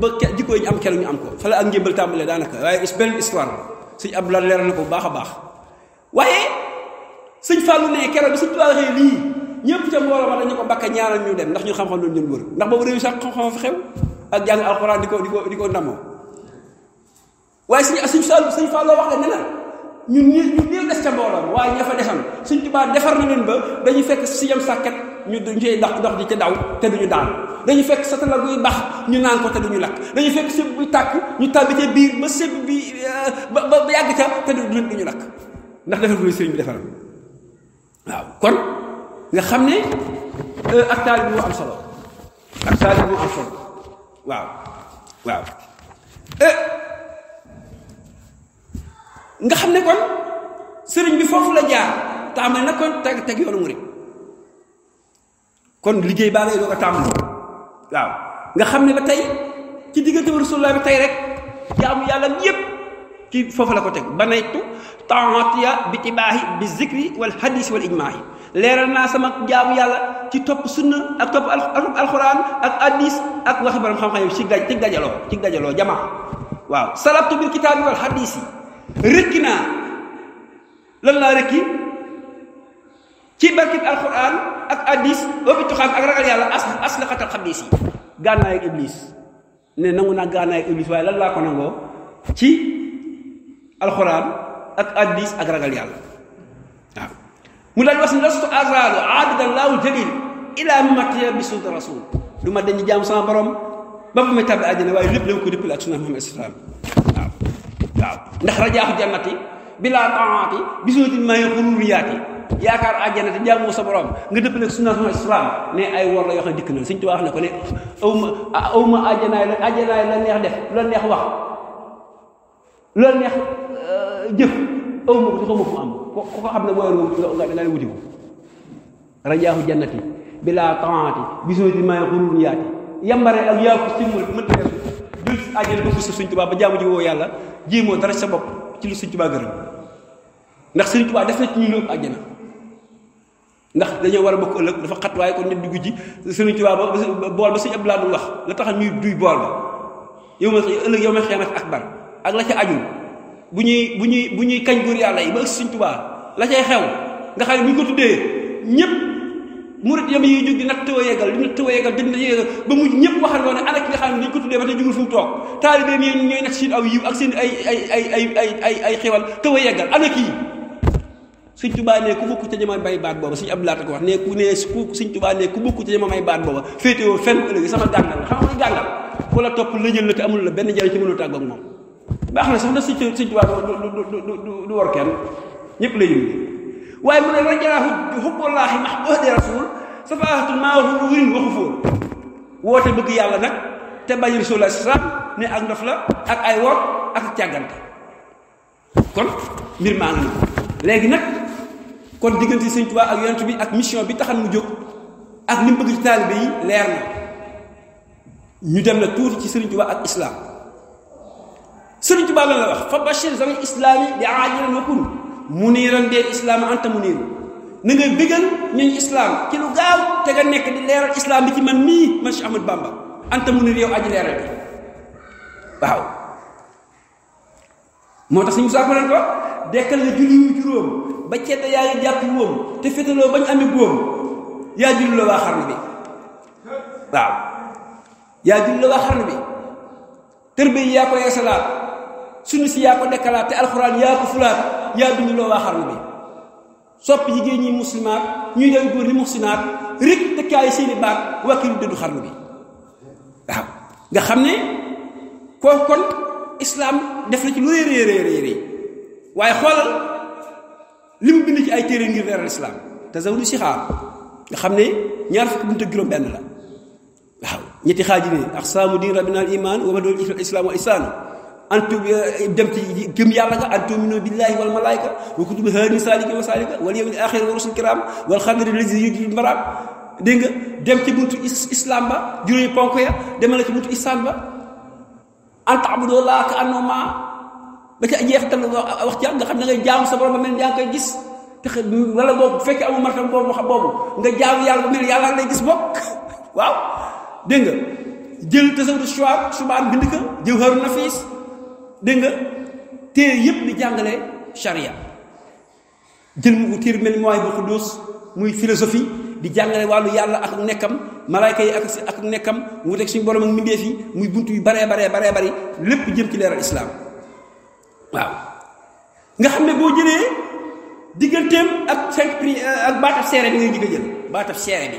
ba jikko yi ñu am kenn ñu am ko fa la ak njëmbal tàmbalee daanaka waaye belle histoire suñ ab Abdoulaye leeral na ko bu baax a baax waaye sëñ Fallou ne keroog bi sëñ Tuubaa waxee lii ñëpp ca mbooloo ma dañu ko bakka ñaanal ñu dem ndax ñu xam-xam doon leen wër ndax boobu réew sax ak jàng di ko di di ko ndamoo waaye suñ sëñ Fallou sëñ Fallou wax la ne ñun ñii ñu néew des ca mbooloo waaye ña fa desoon suñ Tuubaa defar na leen ba dañuy fekk si yam sàkket ñu duñ cay dox dox di ca daw te ñu daan dañu fekk sata la buy bax ñu naan ko te duñu lakk fekk sëb buy tàkk ñu tàbbi ca biir ba sëb bi eh, ba ba yàgg ca te du ndax defar bu sëriñ bi defaral waaw kon nga xam ne eh, ak taalib moo am solo ak taalib moo am solo waaw waaw eh, nga xam ne kon sëriñ bi foofu la jaar te am na kon teg teg yoonu murid kon liggéey baa ngay doog a tàmbali waaw nga xam ne ba tey ci diggante wa rasulullah bi tey rek jaamu yàlla yépp ci foofu la ko teg banaytu taatiya bi tibaahi bi zikri wal hadis wal ijmaahi leeral naa sama jaamu yàlla ci topp sunna ak topp alquran ak hadis ak waxi borom xam-xam yi ci gaj ci dajaloo ci gajaloo jamaa waaw salabtu bil kitaabi wal hadis yi rëkki naa lan laa rëkki ci barkib alquran ak hadis obitu xam ak ragal yàlla as aslaqatal xabis yi gànnaay ak iblis ne nangu naa gànnaay ak iblis waaye lan laa ko nangoo ci alquran ak hadis ak ragal yàlla waaw mu daal wax ne lastu azalu aabidan laahu jalil ilaa matiya bi sunna rasul waaw ndax rajaaxu jannati bilaa taati bi sunatin maa yi xuruuriyaati yaakaar àjjana te jaamoo sa borom nga dëpp nag sunna sama ay wor la yoo dikk na suñ tubaab wax ne ko ne awma awma ah, àjjanaay la àjjanaay la neex def la neex wax neex euh, jëf awma ko am xam ne mooy nga nga wuti ko rajaahu jannati bilaa taati bisoo di may xurur ba gis suñ tubaab ba jaamu ji woo yàlla jéemoo dara sa bopp ci lu suñ tubaab gërëm ndax suñ tubaab def na ci ñu lu ëpp àjjana ndax dañoo war a bokk ëllëg dafa xat waaye kon nit dugg ci Sëriñ Tuubaa ba bool ba sëñ Abdoulaye doon wax la tax ñuy duy bool ba yow ma ëllëg yow ma xeemat akbar ak la ci aju bu ñuy bu ñuy bu ñuy kañ góor yàlla yi ba ëgg Sëriñ Tuubaa la cay xew nga xam ne ñu ko tuddee ñëpp murit yam yi jóg di nattoo yegal di nattoo yegal di nattoo yegal ba mujj ñëpp waxal woon ne ana ki nga xam ne dañ ko tuddee ba tey jugul fu mu toog taalibeem yi ñooy nekk seen aw yiw ak seen ay ay ay ay ay ay xewal tëwa yegal ana kii suñ tubaa ne ku bukk ca jama bay baat booba suñu abdulaat ko wax ne ku ne ku suñ tubaa ne ku bukk ca jama may baat booba féetewoo fenn ëllëg sama gàngal la xam benn njariñ ci mënoo moom baax na sax na suñ suñ tubaa du war la yëngu waaye mu ne rajalaahu xubballaahi max boode rasul safaatul woote bëgg yàlla nag te bañ rasulullah salaam ne ak ndof la ak ay woot ak càggante kon mbir maa ngi léegi nag kon diggante sëñ Tuubaa ak yonent bi ak mission bi taxan mu jóg ak li mu bëgg ci taalibe yi leer na ñu dem na tuuti ci sëriñ Tuubaa ak islaam sëriñ Tuubaa lan la wax fa bashir zami islaami bi aajilan wa kun muniran deel islaam anta munir na nga bëggal ñuñ islaam ci lu gaaw te nga nekk di leeral islaam bi ci man nii man Cheikh Ahmadou Bamba anta munir yow aji leeral bi waaw moo tax suñu saako leen ko dekkal nga julli yu juróom ba cedd yaa ngi jàpp wóom te fétaloo bañ amee góom yaa julli la waa xarnu bi waaw yaa julli la waa xarnu bi tërbe yi yaa ko yeesalaat sunu si yaa ko dekkalaat te alxuraan yaa ko fulaat yaa dund loo waa xarnu bi sopp jigéen ñi muslimaat ñuy dem góor ñi muxsinaat rek dëkkaayu seeni baat wakkilu dëddu xarnu bi waaw nga xam ne kooku kon islaam def la ci lu rëy rëy rëy waaye xoolal li mu bind ci ay téere ngir leeral islaam te si xaar nga xam ne ñaar fukki buntu juróom benn la waaw ñetti xaaji ne ak saamu diin rabbina al iman wa ma doon jiital islaam wa isaanu antu eh, dem ci gëm yàlla nga antu minu billahi wal wa kutubi haani saalika wa saalika wal yawmil axir wa rusul kiram wal xadri lazi yujil maraam dégg nga dem ci buntu islaam ba juróomi ponk ya ci buntu islaam ba an taabudoo laa ka annoma ba ca jeexital wax ci nga xam ne da ngay jaamu sa borom ba mel ni yaa koy gis te wala boobu bu fekkee amul martam boobu wax boobu nga jaamu yàlla ba mel yàlla lay gis bokk waaw dégg nga jël tasawdu suwaar subaan bind ka jawharu nafiis dégg nga téere yépp di jàngale charia jël mu téere mel mooy bu xudus muy philosophie di jàngale wàllu yàlla ak nekkam malaayka yi ak ak nekkam wuteeg suñu borom ak mbindeef yi muy bunt yu baree baree baree bari lépp jëm ci leeral islaam waaw nga xam ne boo jëlee digganteem ak cinq prix ak baataf seere bi ngay jëkk jël baataf seere bi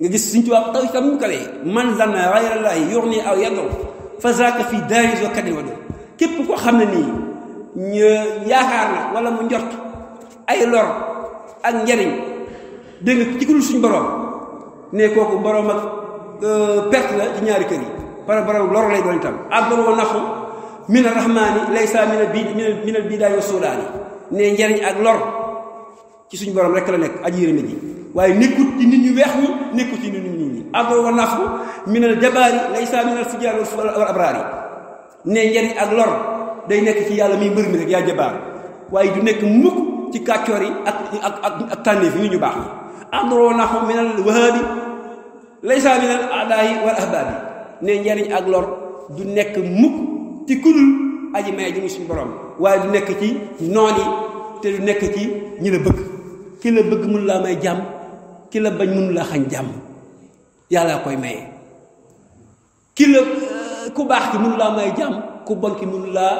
nga gis suñ tubaab taw itam mu kalee man zanna xayrallaahi yorni aw yador fa zaaka fii daari zo katin wado képp koo xam ne nii yaakaar na wala mu njort ay lor ak njariñ dégg nga ci ku dul suñu borom ne kooku borom ak euh, perte la ci ñaari kër yi par borom loro lay doon itam addoon wa nafu min ne laysa min al min al bidaay wa suudaani ne njariñ ak lor ci suñu borom rek la nekk aji yërëme waaye nekkut ñu weex ñi ci nit ñu ñuul ñi addoon wa nafu min al jabaari laysa min al fujaar wal ne njariñ ak lor day nekk ci yàlla miy mbër mi rek yaa jabaar waaye du nekk mukk ci kàccoor yi ak ak ak tànneef yi ñu baax ñi andro naxu minal wahaabi laysa minal adaayi wal ahbaabi ne njariñ ak lor du nekk mukk ci kudul aji may ji mu suñu borom waaye du nekk ci noon yi te du nekk ci ñi la bëgg ki la bëgg mënu laa may jàmm ki la bañ mënu laa xañ jàmm yàlla koy maye ki la ku baax ki mënu laa may jàmm ku bon ki mënu laa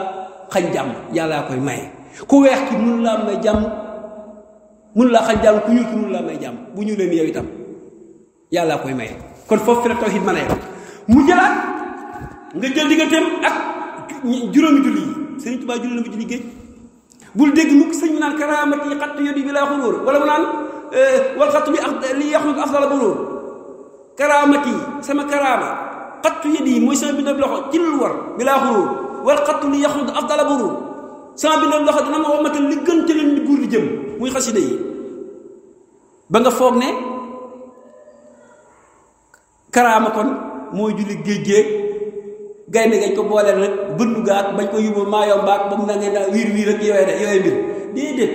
xañ jàmm yàlla koy maye ku weex ki mënu laa may jàmm mun laa xañ jàmm ku ñuul ki laa may jàmm bu ñu leen yow itam yàllaa koy maye kon foofu fi la tawhid mën mu jëlaat nga jël digganteem ak juróomi julli yi sëriñ Tuubaa julli julli géej bul dégg mukk sëñ bi naan karaamati yi xattu yodi bi mu naan eh, wal bi ak li yaxul afdala yi sama karaama xattu yedi yi mooy sama bindab loxo ci lu war bi laa xulóor wal xattu li yaxul afdala balóor sama bindab loxo dina ma womatal li gën ca guur di jëm muy xasida yi ba nga foog ne karaama mooy julli géej géej gaynde gañ ko booleel rek bëndu gaak bañ ko yóbbu maa yomb ak ba mu nangee daal wiir wiir rek yooyu de yooyu mbir déedéet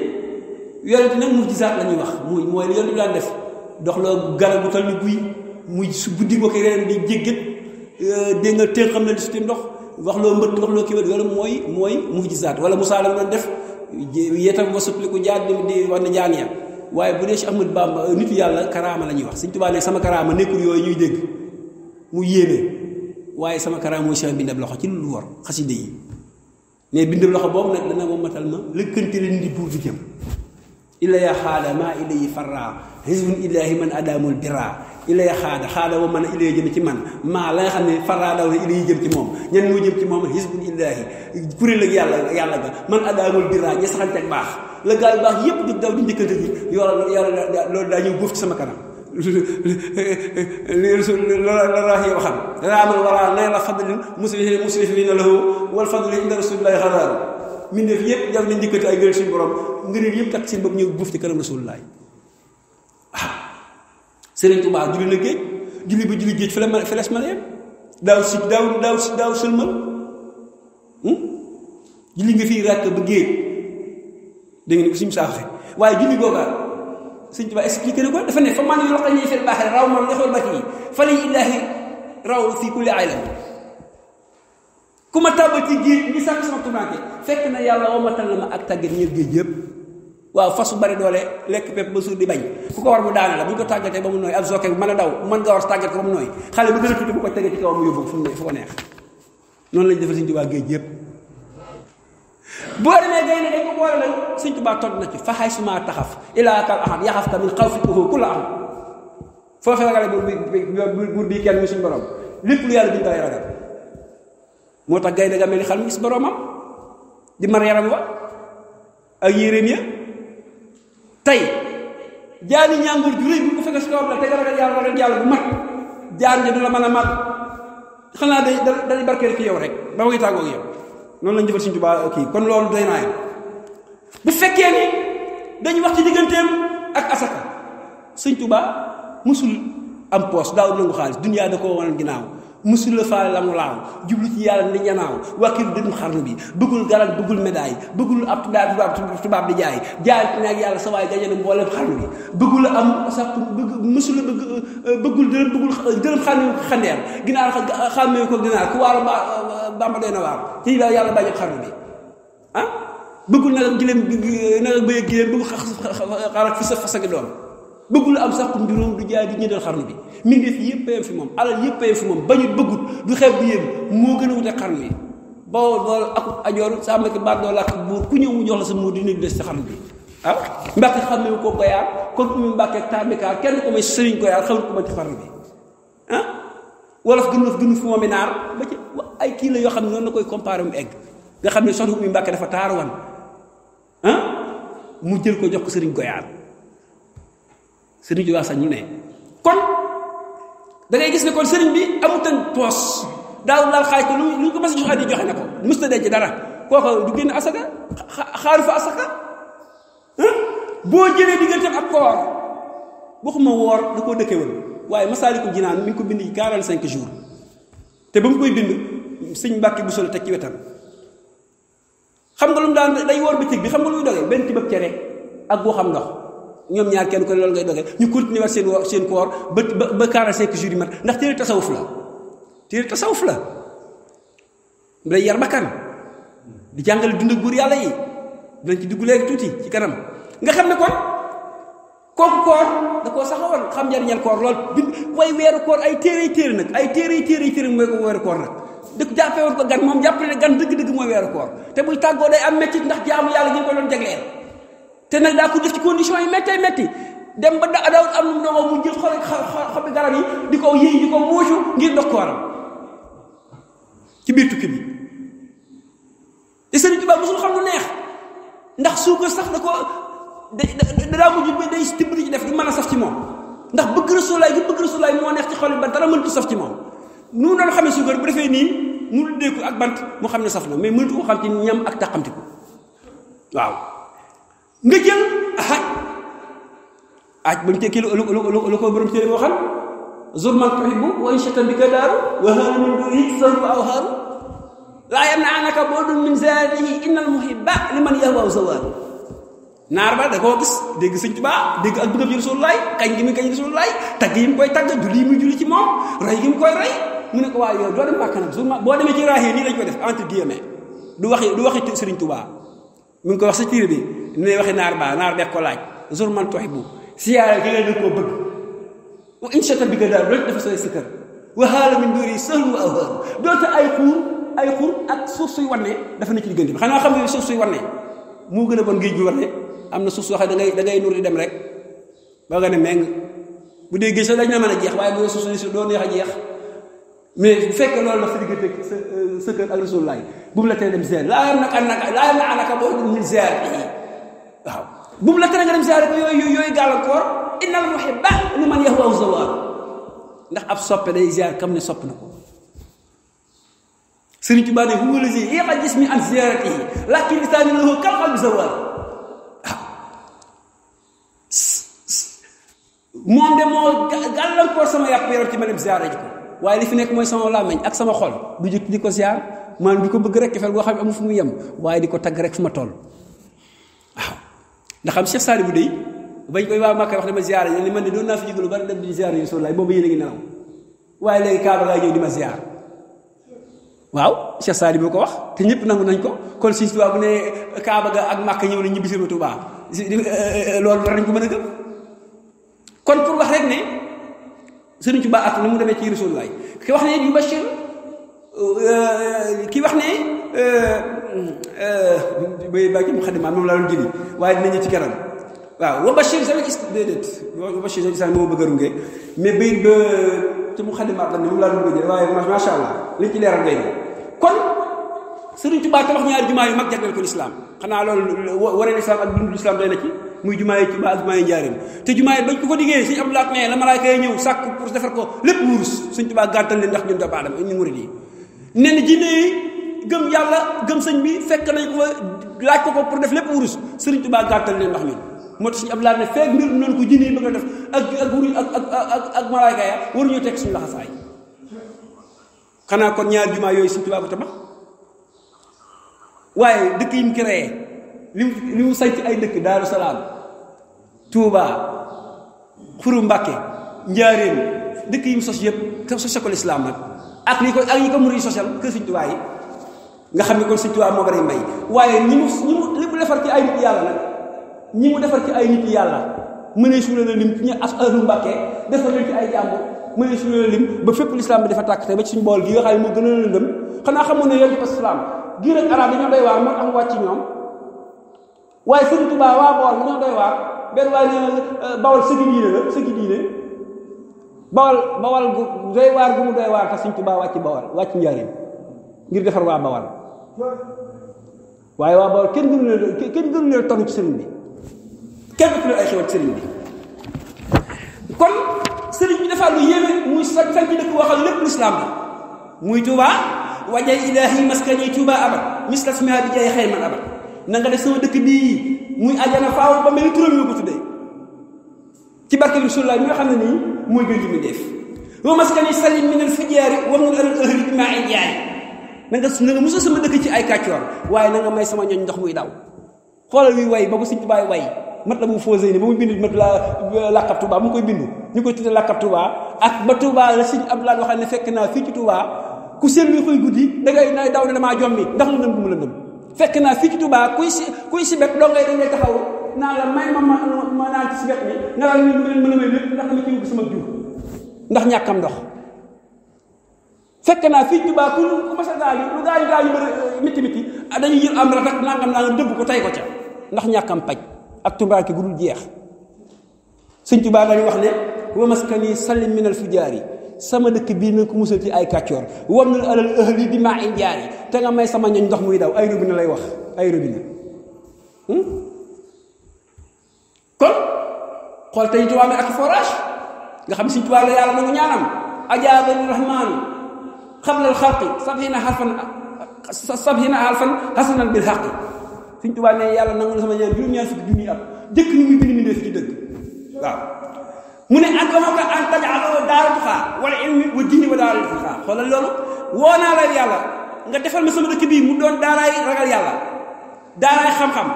yonent nag mujjizaat la ñuy wax muy mooy li yonent daan def doxloo garab bu tal ni guy mujj su buddi ko ki di jéggat euh, dégg nga tënk xam na li su ndox waxloo mbët waxloo kiiwat yooyu mooy mooy mujjizaat wala Musaa la doon def yetam wa suppliku jaan di wax na jaan ya waaye bu dee si Ahmad Bamba euh, nitu yàlla karaama la ñuy wax Sëñ Tuubaa ne sama karaama nekkul yooyu ñuy dégg mu yéeme waaye sama karaama mooy sama bindab loxo ci lu lu war xaside yi ne bindab loxo boobu nag dana wommatal ma lëkkante leen di buur di jëm illa yaa xaala maa ilayhi farra hizbun illahi man adamul bira ilee xaada xaada wa man a ilee jëm ci man maa la xam ne faraadaw na ilee jëm ci moom ñan moo jëm ci moom xisbul illaahi kuréel ak yàlla yàlla ga man adaamul biraa ña saxante baax la gaa yu baax yépp di daw di njëkkante ji yoola yoola loolu daa ñëw buuf ci sama kanam la raxiya waxam raamal wara nay la fadlin muslihin muslihin lahu wal fadlu inda rasulillahi xaraaru min def yépp daf na njëkkante ay gërëm suñu borom ngëneel yépp takk seen bopp ñëw buuf ci kanam rasulillahi Sëriñ Tuubaa julli na géej julli ba julli géej fi la fi les ma daaw si daaw daaw si daaw sëlmal hmm? julli nga fii ràkk ba géej da ngeen ko suñu saaxee waaye julli googaa Sëriñ Tuubaa expliqué na ko dafa ne fa man yu loqa ñuy fil baaxee raw man lexool bati yi fa li illaahi raw fii kulli aylam ku ma tàbbal ci géej ñi sàkk sama turanke fekk na yàlla wamatal na ma ak tàggat ñeel géej yëpp waaw fas bu bari doole lekk pepp ba suur di bañ ku ko war mu daane la bu ko tàggatee ba mu nooy ab zokke bu mën a daw mën nga war tàggat ko ba mu nooy xale bu a tuuti bu ko tegee ci kaw mu yóbbu fu mu fu ko neex noonu lañ defal Sëñ Tuubaa géej yëpp boo demee gay dañ ko boole nag Sëñ Tuubaa tont na ci faxay suma taxaf ilaa kal ahad yaxaf tamit xaw fi uhu kula am foo fee ragale buur buur bii kenn mu suñ borom lépp lu yàlla duñ tey jaani ñàngur ju rëy bu ko fekkee si kawam la yàlla bu mat jaan ja du la xanaa day day barkeel ci yow rek ba ma ngi tàggoo ak yow noonu lañ jëfal suñu Tuubaa kii kon loolu doy naa bu fekkee ni dañu wax ci digganteem ak asaka suñ Tuubaa musul am poos daawul nangu xaalis duniyaa da koo wanal ginnaaw mësula faale la mu laaw jublu ci yàlla ni ñanaaw wakkil dënnu xarnu bi bëggul garal bëggul médaille bëggul ab tubaab tubaab di jaay jaay ci nag yàlla sa waay gañe na mboolem xarnu bi bëggul am sax bëgg mësula bëgg bëggul dërëm bëggul dërëm xarnu xandeer ginaar xàmmee ko ginaar ku waaru ba bamba doy na waaru ci la yàlla bañ xarnu bi ah bëggul nag gileem nag bëy gileem bëggul xarak fi sa fas ak doom bëggul am sàqum juróom du jaay di ñeenteel xarnu bi mbindeef yëpp a yem fi moom alal yëpp a yem fi moom bañu bëggut du xeeb du yéem moo gën a wute xarnu yi bawol ak ajoor saa ma ki ku ñëw mu jox la sa muur dina des ci xarnu bi ah mbàkke xam ne ko goyaar kon umu kenn ko may sëriñ goyaar xamul ko ci xarnu bi ah wolof gën gënu fi moom naar ba ci ay kii la yoo xam ne noonu la koy comparé mu egg nga xam ne soxna umu mbàkke dafa taaru wan ah? mu jël ko jox ko sëriñ goyaar sëriñ bi waa sax ñu ne kon da gis ne kon sëriñ bi amutan poos daal daal xaaj ko lu lu ko mas a jox addi joxe na ko musta denc dara kooku du génn asaka xaar fa asaka boo jëlee digganteem ak koor waxuma woor da koo waaye masaaliku jinaan mi ngi ko bind ci 45 jours te ba mu koy bind sëñ Mbàkke teg ci wetam xam nga lu mu daan day woor bëccëg bi xam nga lu muy dogee benn tibab cere ak boo xam ndox ñoom ñaar kenn ko ne loolu ngay doge ñu continuer waat seen seen koor ba ba ba 45 jours yi mat ndax téere tasawuf la téere tasawuf la mu lay yar bakkan di jàngale dund ak buur yàlla yi dinañ ci tuuti ci kanam nga xam ne kon kooku koor da koo saxawoon xam njariñal koor lool bi way weeru koor ay téere téere nag ay téere téere téere mooy ko weeru koor nag dëkk jàppee woon ko gan moom jàppale ne gan dëgg-dëgg mooy weeru koor te buy tàggoo day am métti ndax jaamu yàlla gi ñu ko doon jagleel te nag daa ko def ci condition yi méttee métti dem ba da daawut am na mu mu jël xol xobi garab yi di ko yëy di ko muucu ngir dox kooram ci biir tukki bi te Sëriñ Tuubaa mosul xam lu neex ndax suukar sax da ko da daa mujj ba day tibb di ci def du mën a saf ci moom ndax bëgg Rasulaay gi bëgg Rasulaay moo neex ci xol bi ba dara mëntu saf ci moom nu xam xamee suukar bu defee nii mu dee ko ak bant mu xam ne saf na mais mëntu ko xam ci ñam ak tàqamtiku waaw nga jël aj aj ba mu tekki lu lu lu lu ko borom téere boo xam zur man tuhibbu wa in shatan bika daaru wa haana min dunihi zaru aw haaru laa yamna'annaka bu'dun min zaadihi innal muhibba liman yahwa zawaaru naar ba da koo gis dégg sëñ Tuubaa dégg ak bëggam yi Rasulullaay kañ gi muy kañ Rasulullaay tagg yi mu koy tagg julli yi muy julli ci moom rey gi mu koy rey mu ne ko waaye yow doo dem Màkka nag zurma boo demee ci raax yi nii lañ ko def entre guillemets du waxi du waxi Sëriñ Tuubaa mu ngi ko wax sa tiir bi ni may waxee naar baa naar beeg ko laaj zur man tuhibbu siyaare ki nga dëg koo bëgg wa in shakar bi nga daal loolu dafa sooy si kër wa haala min duuri sahlu ay xuur ay xuur ak suuf suy wanne dafa ne ci diggante bi xanaa xam nga suuf suy wanne moo gën a bon géej bi am na suuf soo xam ne da ngay dem rek ba nga ne meng bu dee géej sax dañ la mën a jeex waaye bu suuf si doo neex a jeex mais bu fekkee loolu dafa sa euh, sa kër ak rasul laay bu la tee dem ziar laa naka naka laa naka boo ñu ziar waaw bu mu la tere nga dem siyaare ko yooyu yooyu gàllankoor innal muhibba li man yahwahu ab soppe day ziyaar kam ne sopp na ko Sëriñ Tuubaa ne huwa lazi yéex a gis mi an ziyaaratihi laakin lisaani lahu kal qalbi ah. moo gàllankoor sama yàpp yaram ci ma dem waaye li fi nekk mooy sama làmmiñ ak sama xol du jëkk di ko ziyaar maanaam di ko bëgg rek cofeel goo xam ne amu fu mu yem waaye di ko tagg rek fu ma toll ndax am Cheikh Saliou bu dey bañ koy waa Màkka wax dama ziyaara ñu ne man de doon naa fi jógalu bari dem di ziyaara yi Rasulullah boobu yéen a ngi nelaw waaye léegi Kaaba laa ñëw di ma ziyaar waaw Cheikh Saliou boo ko wax te ñëpp nangu nañ ko kon Sëñ Kaaba ga ak Màkka ñëw na ñibbi sama Tuubaa eh, eh, eh, loolu war ko mën a gëm kon pour wax rek ne Sëriñ Tuubaa ak ni mu demee ci Rasulullah ki wax ne yu bashir euh, euh, ki wax ne euh, bay bàyyi mu xadimaat moom laa doon jëli wa bashir sama gis déedéet wa a runge mais bay ba ci mu la ne moom laa doon na kon jumaa yu ko lislaam xanaa loolu waree lislaam ak dundu lislaam doy na ci muy jumaa yi Tuubaa ak jumaa yi Njaaréem te jumaa yi bañ ko fa diggee suñu Abdou Lahat mais la malaaka yi ñëw sàkk pour defar ko lépp wurus Sëriñ Tuubaa gàntal ndax ñun doomu aadama ñu murid yi nen jinne yi gëm yàlla gëm sëñ bi fekk nañ ko laaj ko ko pour def lépp wurus sëriñ Tuubaa gàttal leen wax ñun moo tax suñu ab laaj ne feeg mbir noonu ko jinne yi bëgg def ak ak wuruñ ak teg suñu laxasaay kon ñaar jumaa yooyu sëriñ Tuubaa dëkk yi mu créé li mu li ay dëkk Daaru Salaam Touba Xuru Mbàkke Njaaréem dëkk yi mu sos yëpp te sose ko lislaam yi ko kër sëriñ Tuubaa yi nga xam ne kon Sëñ Tuubaa moo bari may waaye ñi mu ñi mu defar ci ay nit yàlla nag ñi mu defar ci ay nit yàlla mënee suule na lim ñu as ahlu Mbàkke defar leen ci ay jàmbur mënee suule na lim ba fépp lislaam bi dafa tàkk te ba ci suñu bool gi nga xam ne moo gën a lëndëm xanaa xamoon ne yonent islaam giir ak arab dañoo doy waar moo am wàcc ñoom waaye Sëñ Tuubaa waa bool dañoo doy waar benn waaye nee euh, bawal sëgi diine la sëgi diine bawal bawal gu doy waar gu mu doy waar te Sëñ Tuubaa wàcc bawal defar waa bawal waaye waa Bawol kenn gënu leen kenn gënu ci sëriñ bi kenn ëpp leen ay xewal ci bi kon sëriñ bi dafa lu yéeme muy sañ sañ ci dëkk waxal lépp lislaam bi muy Tuubaa wajay ilaahi maskani Tuubaa abad mislas mi bi xayman abad na def sama dëkk bii muy ajana faaw ba mel ni turam yoo ko tuddee ci barke bi Rasulullah mi nga xam ne nii mooy gën gi mu def maskani salim min al fijaari wa min al ahli bi maa indiyaari na nga na nga musal sama dëkk ci ay kàccoor waaye na nga may sama ñooñ ndox muy daw xoolal yuy way ba ko Sëñ Tuubaa way mat la bu fausé ni ba mu bind mat la làkkab Tuubaa mu koy bind ñu koy tudde làkkab Tuubaa ak ba Tuubaa la Sëñ ne fekk naa fii ci Tuubaa ku seen koy guddi da ngay nay daw ne damaa jommi ndax la bu mu la ndëm fekk naa fii ci Tuubaa kuy si kuy si bet doo ngay dañ lay taxaw naa la may ma ma naan ci si bet bi nga laa mën a may lépp ndax dama sama jur ndax ñàkkam ndox fekk naa fii Tuubaa ku ku mas a gaañu lu gaañu gaañu bëri miti miti dañuy jël am ratak nangam nangam dëbb ko tey ko ca ndax ñàkkam paj ak tumbaaki gu dul jeex sëñ Tuubaa dañu wax ne wa maskani salim minal yi sama dëkk bii na ko musal ci ay kàccoor war na alal ahli bi maa in jaari te nga may sama ñoñ ndox muy daw ay robinet lay wax ay robinet hmm? kon xool tey Tuubaa mi ak forage nga xam sëñ Tuubaa la yàlla nangu ñaanam ajaabani rahmaan xabla alxalqi sabhina xarfan sabhina alfan xasanan bil xaqi suñ tubaa ne yàlla nangu na sama ñaan juróom jëkk ñu muy bind mi def ci mu ne ak ma ko an tajaaloo daaru tuxaa wala ilmi wa diini wa daaru tuxaa xoolal loolu woo naa la yàlla nga defal ma sama dëkk bii mu doon daaraay ragal yàlla daaraay xam-xam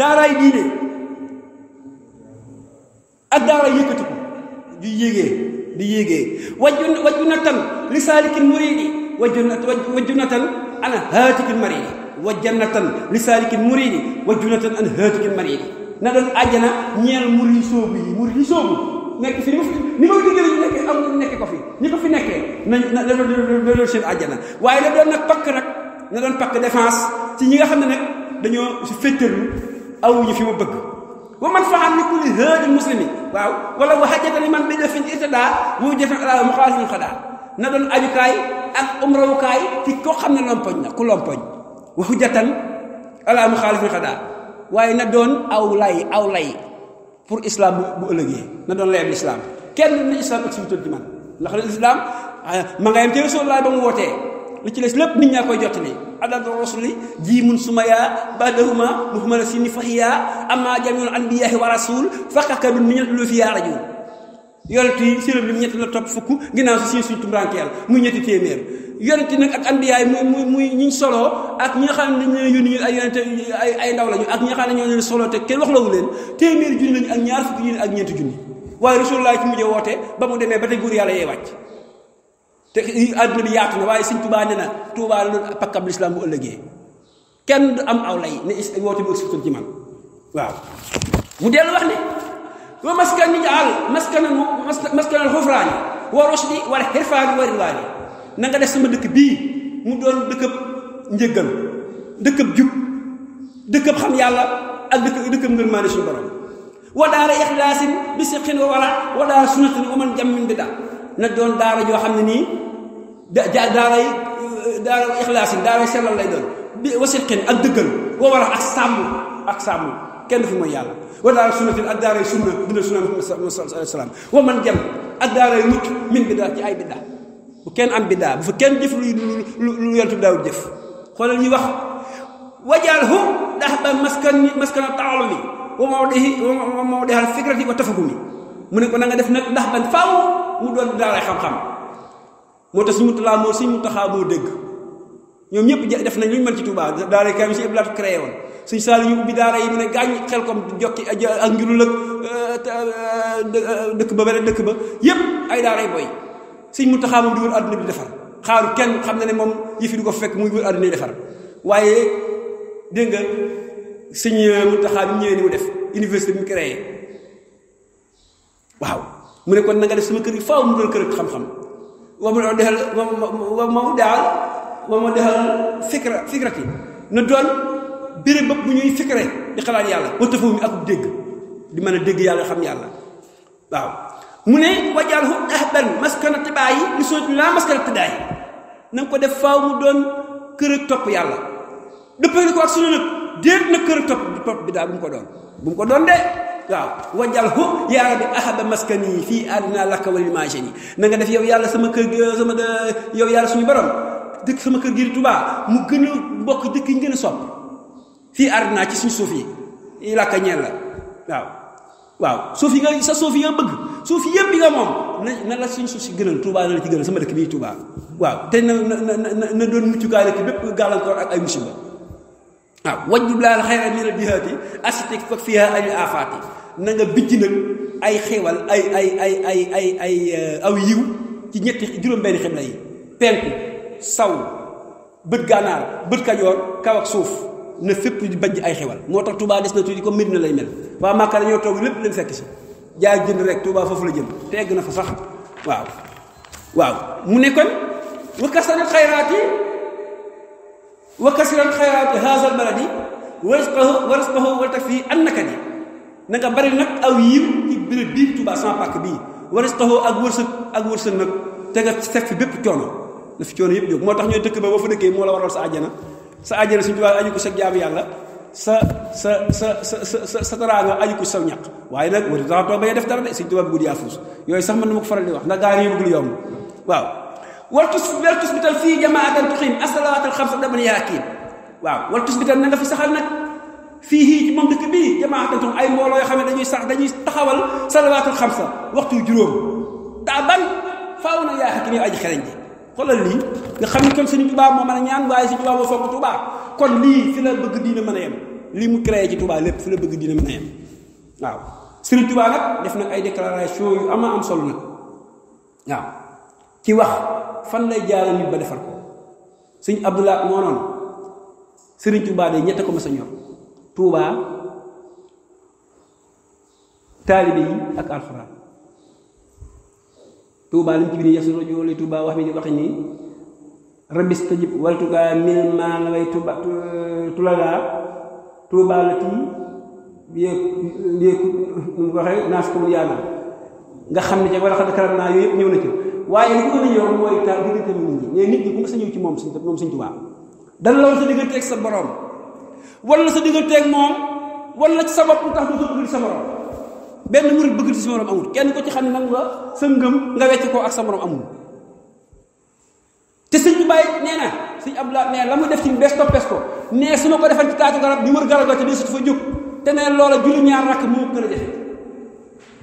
daaraay diine ak daaraay yëkkati ko ju di yéegee wajjun wajjunatan li saalikin muridi wajjuna wajjunatan an haatikin maridi wajjannatan li saalikin muridi wajjunatan an haatikin maridi na doon àjjana ñeel murid yi soobu yi murid yi soobu nekk fi ni ma digal ñu nekk am nekk ko fi ñi ko fi nekkee nañ na loolu seen àjjana waaye la doon nag pakk nag na doon pakk défense ci ñi nga xam ne nag dañoo si féttarlu aw ñu fi ma bëgg wa man faxal li kulli haadin muslimi waaw wala wa hajjatan li man bi defin irtadaa wu na doon ajukaay ak umrawukaay ci koo xam ne lompoñ na ku lompoñ wa hujjatan ala muxaalisin xadaa waaye na doon aw lay aw lay pour islaam bu bu ëllëgee na doon layal islam kenn na islam ak si ci man ndax la islam ah, ma nga yem ci rasulullah ba mu wootee li ci des lépp nit ñaa koy jottali adadu rasuli ji mun suma yaa badahuma muhammad sini faxiyaa amma jamiul anbiyaahi wa rasul faqakadun ni ñetti lu fi yaa rajul yonent yi seenam lim ñetti la topp fukk ginnaaw si seen suñ tumrankeel muy ñetti téeméer yonent nag ak anbiyaay muy muy muy ñiñ solo ak ñi nga xam ne dañ yónni ay ay ndaw lañu ak ñi nga xam ne ñoo solo te kenn wax lawu leen téeméer junni lañu ak ñaar fukki junni ak ñeenti junni waaye rasulullah ci woote ba mu demee ba tey góor yàlla yee wàcc te àdduna bi yaatu na waaye sëñ Tuubaa ne na Tuubaa la doon pakkam lislaam bu ëllëgee kenn du am aw lay ne is woote bi surtout ci man waaw mu dellu wax ne wa maskan nijal maskanan maskanal xufraani wa rusdi wala xirfaani wa ridwaani dëkk bii mu doon dëkkab njëggal xam yàlla ak dëkk dëkkab ngërmaane suñu borom wa daara bi siqin na doon daara joo xam ne nii da daaray euh, daara ixlaas yi daaray sellal lay doon bi wasilqin ak dëggal woo war ak sàmm ak sàmm kenn fi mooy yàlla wa daara sunnatin ak daaray sunna dina sunna Muhammad salaam wa man jam ak daaray mucc min biddaa ci ay biddaa bu kenn am biddaa bu fa kenn jëf lu lu lu yeltu daawul jëf xoolal ñuy wax wajaal hu dax ba maskan maskan a taxalu mi wa mawdihi wa mawdihi al fikrati wa tafahumi mu ne ko na nga def nag ndax dañ faaw mu doon daaray xam-xam moo tax suñu mutalaa moo suñu mutaxaa moo dégg ñoom ñëpp def nañ lu ñu mën ci Touba daaray kam si iblaat créé woon suñ saali ñu ubbi daara yi mu ne gaañ xel kom jokki ak njurul ak euh, euh, euh, dëkk ba beneen dëkk ba yépp ay daaray boy suñ mutaxaa moom di wër àdduna bi defar xaaru kenn xam na ne moom fi du ko fekk muy wër àdduna yi defar waaye dégg nga suñ mutaxaa bi ñëwee ni mu def université bi mu créé waaw mu ne kon na nga def sama kër yi faaw mu doon kër ak xam-xam wa wa ma daal wa ma dexal fikra na doon béréb bëpp bu ñuy fikre di xalaat yàlla wa tafawu mi akub dégg di mën a dégg yàlla xam yàlla waaw mu ne wajaal hu ahban maskana tibaayi li sootu laa maskana tibaayi na nga ko def faw mu doon kër ak topp yàlla dëppale ko ak sunu nag déet na kër ak topp topp bi daal bu mu ko doon bu mu ko doon de waaw wajal hu yaa rabbi ahaba maskani fii adna lakka walil maajani na nga def yow yàlla sama kër sama yow yàlla suñu borom dëkk sama kër gi di Tuubaa mu gën a bokk dëkk yi gën a fii adna ci suñu suuf yi lakka ñeel waaw waaw suuf sa suuf yi suuf yëpp yi nga moom na na la suñ suuf si gënal Tuubaa na la ci gënal sama dëkk bii Tuubaa waaw te na na na na doon muccukaay la ci bépp gàllankoor ak ay musiba waaw wajjub laa la xayra mina bihaati asitek fak fiha ani afaati na nga bijj nag ay xéewal ay ay ay ay ay ay euh, aw yiw ci ñetti juróom-benn xibla yi penku saw bët gànnaar bët kajoor kaw suuf na fépp di baj ay xewal moo tax Touba des na tuuti comme Medina lay mel waa Màkka dañoo toog lépp lañ fekk si jaay jënd rek Touba foofu la jëm te egg na fa sax waaw waaw mu ne kon wa kasiral xayraati wa kasiral xayraati haazal baladi wa risqahu wa risqahu wa takfi annaka di na nga bari nag aw yiw ci béréb bii Tuubaa sama pàkk bii war taxoo ak wërsëg ak wërsëg nag te nga fekk fi bépp coono la fi coono yëpp jóg moo tax ñooy dëkk ba boo fa dëkkee moo la waral sa àjjana sa sa jaamu sa sa sa sa sa sa taraanga sa ñaq waaye nag war daa toog bañ a def de suñu Tuubaa bëggul yaafus yooyu sax man na ko faral di wax ndax gaar yi bëggul yomb waaw wartus wartus bital fii jamaatan tuqim assalawaatal xamsa daman yaakiin waaw wartus bital na nga fi saxal nag fii ci moom dëkk bii jamaatum ay mbooloo yoo xam ne dañuy sax dañuy taxawal salawaatul xamsa waxtu juróom daa ban faaw na yaa xakim yow aji xereñ ji xoolal lii nga xam ne kon suñu Tuubaa moo mën a ñaan waaye suñu Tuubaa moo fonk lii fi la bëgg diina mën a yem lii mu créé ci Tuubaa lépp fi la bëgg diina mën a yem waaw Sëriñ Tuubaa nag def nag ay déclaration yu ama am solo nag waaw ci wax fan lay jaara nit ba defar ko sëñ Abdoulaye moo noonu Sëriñ Tuubaa day ñett ko ma sa ñor tuubaa taalibe yi ak alxuraan tuubaa lu mu ci biir yasu rajo li tuubaa wax bi di waxi nii rabbi stajib waltukaa mil maan way tuba tuladaa tuubaa la tii liyee liyee waxee naas ko mu yàlla nga xam ne ca wala xam ne karam naa yooyu yëpp ñëw na ci waaye li a ñor ku nga sa ñëw moom suñ moom suñ sa diggante ak sa borom wala sa digganteeg moom wala ci sabab lu tax du bëgg sa morom benn murit bëgg ci sa morom amul kenn ko ci xam ne nag nga sa ngëm nga wecc ko ak sa morom amul te sëñ bi bàyyi nee na sëñ Abdoulaye nee la mu def si bes ko pes ko nee su ma ko defal ci taatu garab bi wër garab ga te dee sut fa jóg te nee loola julli ñaar rakk moo gën a jafe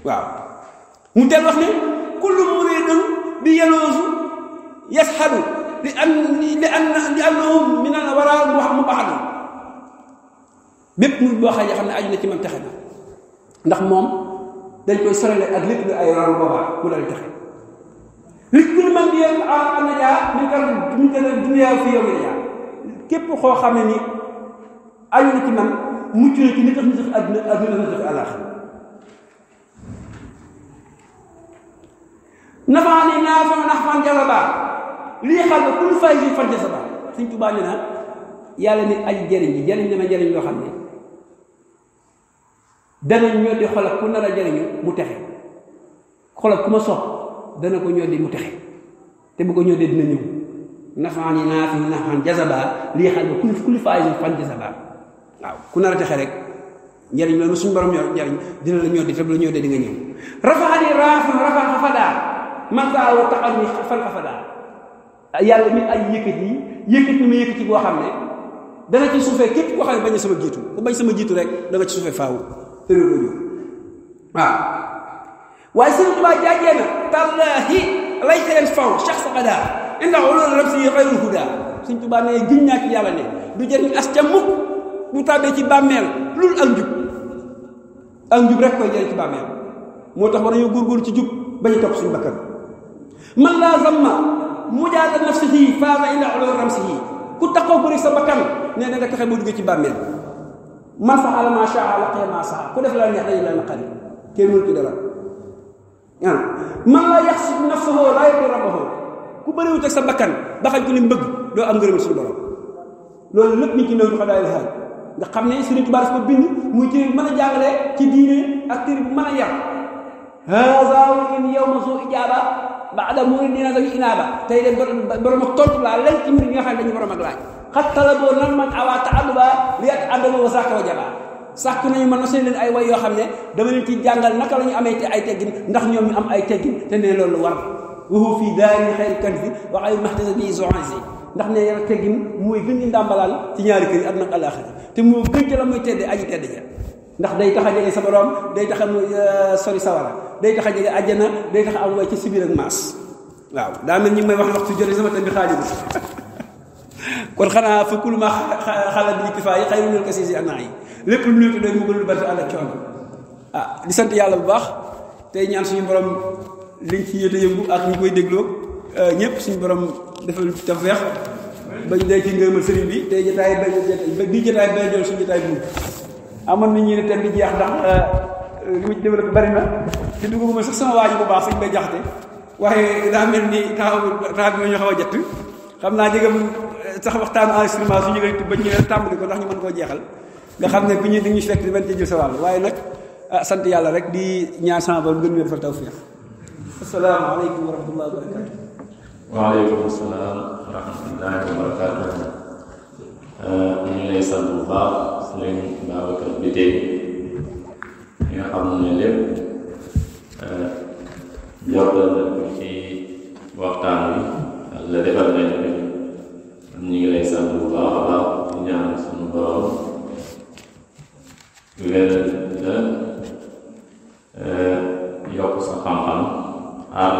waaw mu del wax ne kullu muridun bi yaloosu yasxadu li an li an li annahum min al mu wax mu bépp murid boo xam ne aju na ci man texe na ndax moom dañ koy sorale ak lépp lu ay raru boobaa mu daal di texe li kulli man yéen am na ne na ci man mucc na ci ni tax ñu def na def àllaax fa nax fan jalaba lii xam ne kul fay yi fan jasaba Sëñ Tuubaa nee na yàlla ni aji jëriñ ji jëriñ dama loo xam ne dana ñoddi xolab ku nar a jariñu mu texe xolab ku ma sopp dana ko ñoddi mu texe te bu ko dee dina ñëw nafaani naa fi nafaan jazaba lii xam ne ku li faay fan ku nar a texe rek njariñ loolu suñ borom yor njariñ dina la ñoo di bu la ñoddee di nga ñëw rafaani raafin rafan xafadaa masaawa taxal ni fan xafadaa yàlla mi ay yëkkat yi yëkkat ni mu yëkkati boo xam ne dana ci suufee képp koo xam ne bañ sama jiitu ku bañ sama jiitu rek da ci suufee faawu sëriñ bu ñuul waaw waaye sëriñ Tuubaa jàngee na tallaahi laysa yanfa'u shaxsa qadaa inda ulul rabsi xayrul hudaa sëriñ Tuubaa ne giñ naa ci yàlla ne du jëriñ as ca mukk bu tàbbee ci bàmmeel lul ak njub ak njub rek koy jëriñ ci bàmmeel moo tax war nañoo góorgóorlu ci jub a topp suñu bakkan man laa zamma mujaahada nafsihi faata inda ulul ramsihi ku taxaw ko rek sa bakkan nee na nga taxe boo duggee ci bàmmeel man faala maa shaa laqiya maa saa ku def la neex dañu la naqari kenn mënu ci dara ah man laa yaxsut nafsahu laa yaqu rabbahu ku bëriwut sa bakkan ba xañ ko li mu doo am ngërëm suñu borom loolu lépp nit ci néew ñu xam daal di xaaj nga xam ne Sëriñ Tuubaa ko bind muy téere bu mën a jàngale ci diine ak téere bu mën a yar haza in yawma su ijaaba baada muridina dañu inaaba tey de borom ak tontu laa leen ci mbir yi nga xam ne dañu borom ak laaj xat talaboo man awaa ta adduba li at àndama wa sàkka wa jabaa nañu man na seen leen ay way yoo xam ne dama leen ci jàngal naka la ñu amee ay teggin ndax ñoom ñu am ay teggin te ne loolu war waxu fii daari xayri kan fi wax ay mahdasa bi zoangi ndax ne yar mooy gën ñu ndàmbalaal ci ñaari kër yi ak nag te moo gën ca la muy tedde aji tedd ja ndax day tax a jege sa borom day tax a euh, sori sawara day tax a jege àjjana day tax a am way ci sibir ak maas waaw daa mel ñi may wax waxtu jëri sama tamit xaalibu kon xanaa fa kul ma xala bi ñi faa yi xëy na ko si si anaa yi lépp lu ñu doy mu gën lu bari àll ak ah, di sant yàlla bu baax tey ñaan suñu borom liñ ci yéete yëngu ak ñu dégloo euh, ñëpp suñu borom defal tawfeex bañ day ci ngërëmal sëriñ bi tey jotaay bay jot bii jotaay bay jot bi amoon nañ ñu ne thème bi jeex ndax euh, li ma ci développé bari na te dugguma sax sama waaj bu baax suñ bay waaye daa ni taxaw taxaw bi ma ñu xaw a jett xam naa jegam sax eh, waxtaan enregistrement suñu leen ñu ndax ñu mën koo jeexal nga xam ne ku ñu di ñu fekk di mën cee jël sa wàll waaye nag ah, sant yàlla rek di ñaan sama ba gën ñu defal tawfiq asalaamaaleykum eh, ñu ngi lay sant bu baax sëriñ Babacar Bitté eh, ci waxtaan wi la defal nañ ñu ngi lay sant bu baax a baax di ñaan sunu borom wér la yokk sa xam-xam aar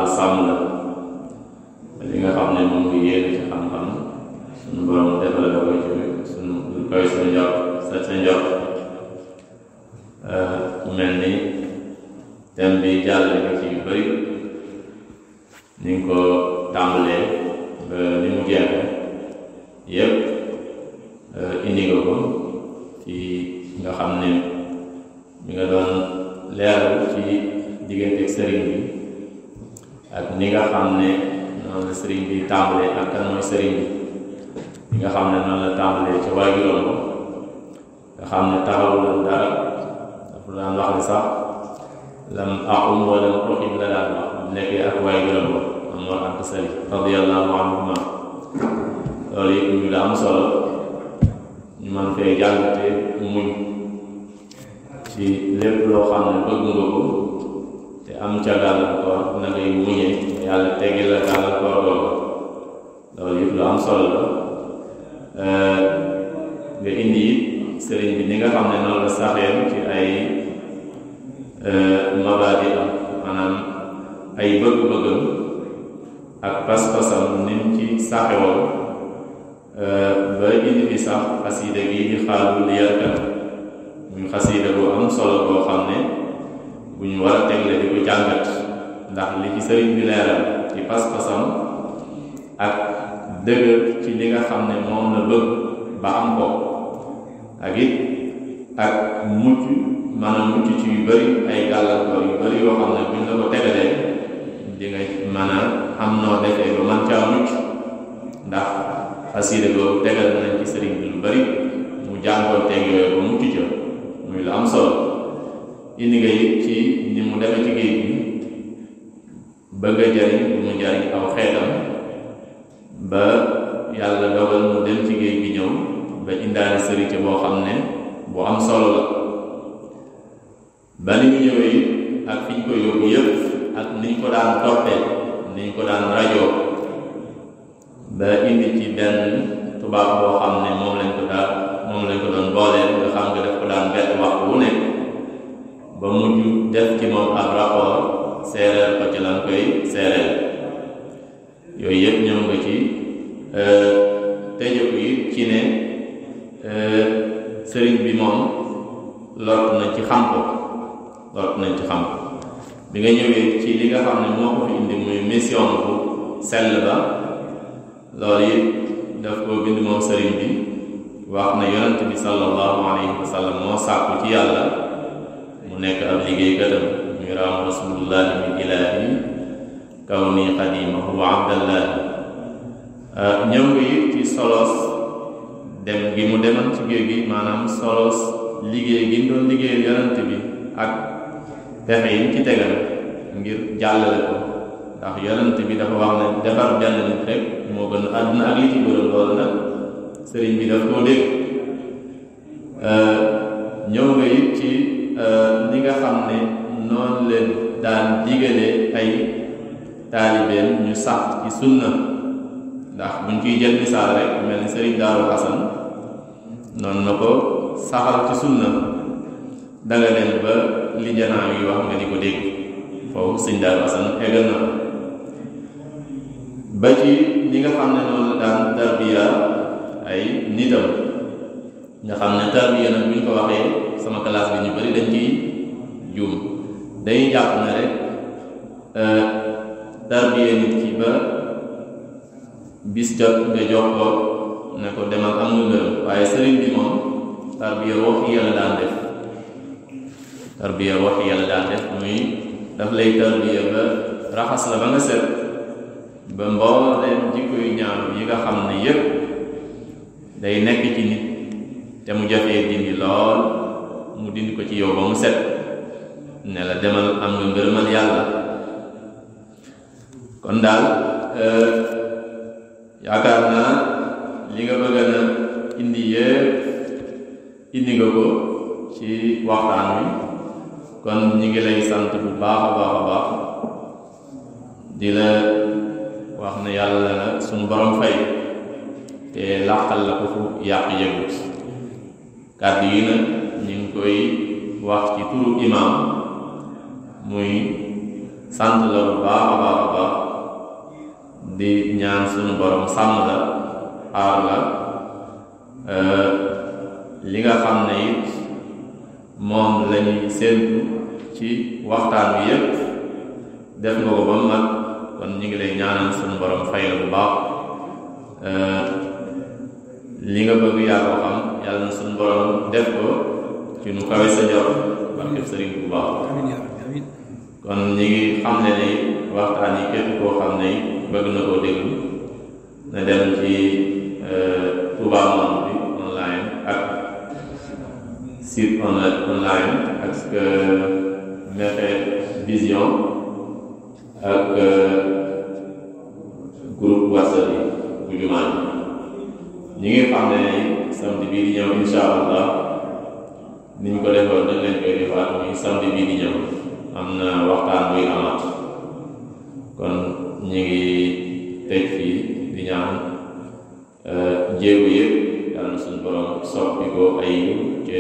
ak fi ñu ko yóbbu yëpp ak ni ñu ko daan toppee ni ñu ko daan rajoo ba indi ci benn tubaab boo xam ne moom lañ ko daan moom lañ ko doon booleel nga xam nga def ko daan bett waxtu wu nekk ba mujj def ci moom ab rapport seereel ko ci lan koy seereel yooyu yëpp ñëw nga ci euh, bi nga ñëwee ci li nga xam ne moo ko fi indi muy mission bu sell ba loolu it daf koo bind moom sëriñ bi wax na yonent bi sallallahu alayhi wa sallam moo sàkku ci yàlla mu nekk ab liggéeykatam muy raam rasulullahi min ilaahi kaw nii xadimahu wa abdallahi ah, ñëw ngi ci solos dem gi mu demoon ci géej gi maanaam solos liggéey gi ñu doon liggéeyal bi ak pexe yi ñu ci tegal ngir jàllale ko ndax yonent bi dafa wax ne defar benn nit rek moo gën àdduna ak li ci bëri loolu nag sëriñ bi daf koo dégg euh, ñëw nga it ci li euh, nga xam ne noonu leen daan digale ay taalibeen ñu sax ci sunna ndax buñ ciy jël misaal rek mel ni sëriñ Daaru Xasan noonu na ko saxal ci sunna danga dem ba li yi wax nga di ko dégg foofu sëñ Daaru Asan eggal na ba ci li nga xam ne noonu la daan tarbiya ay nitam nga xam ne tarbiya nag bu ñu ko waxee sama classe bi ñu bari dañ ciy juum dañuy jàpp na rek euh, tarbiya nit ki ba bis jot nga jox ko ne ko demal am nga ngërëm waaye sëriñ bi moom tarbiya wax yàlla daan def tarbiya wax yàlla daan def muy daf lay tarbiya ba raxas la ba nga set ba mbooleem jikko yu ñaaw yi nga xam ne yëpp day nekk ci nit te mu jafee dindi lool mu dindi ko ci yow ba mu set ne la demal am nga ngërëmal yàlla kon daal euh, yaakaar naa li nga bëgg na indi yëpp indi nga ko ci waxtaan wi kon ñi ngi lay sant bu baax a baax baax di la wax ne yàlla la suñu borom fay te làqal la ko fu yàq yëgut kàddu yi nag ñu ngi koy wax ci turu imaam muy sant la bu baax baax baax di ñaan suñu borom sàmm la aar la euh, li nga xam ne it moom lañuy séentu ci waxtaan bi yépp def nga ko ba mu mag kon ñu ngi lay ñaanal suñu borom fay la bu baax li nga bëgg yaa ko xam yàlla na suñu borom def ko ci nu kawe sa jor barkeb sëriñ bu baax kon ñi ngi xam ne ni waxtaan yi képp koo xam ne bëgg na koo déglu na dem ci Touba Monde bi online ak site online ak Nexe vision ak euh, groupe WhatsApp yi bu jumaan ñi ngi xam ne samedi bii di ñëw insha allah ni ñu ko defoon dañ leen koy defaat muy samedi bii di ñëw am na waxtaan buy amaat kon ñu ngi teg fii di ñaan euh, jéegu yëpp yàlla na suñu borom soppi ko ay te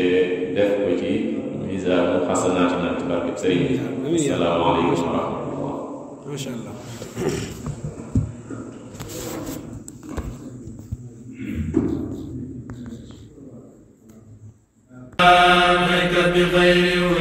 def ko ci misaaru xasanaatinaa ci barkeb sëriñ bi asalaamaaleykum wa rahmatullah masha allah عليك بغير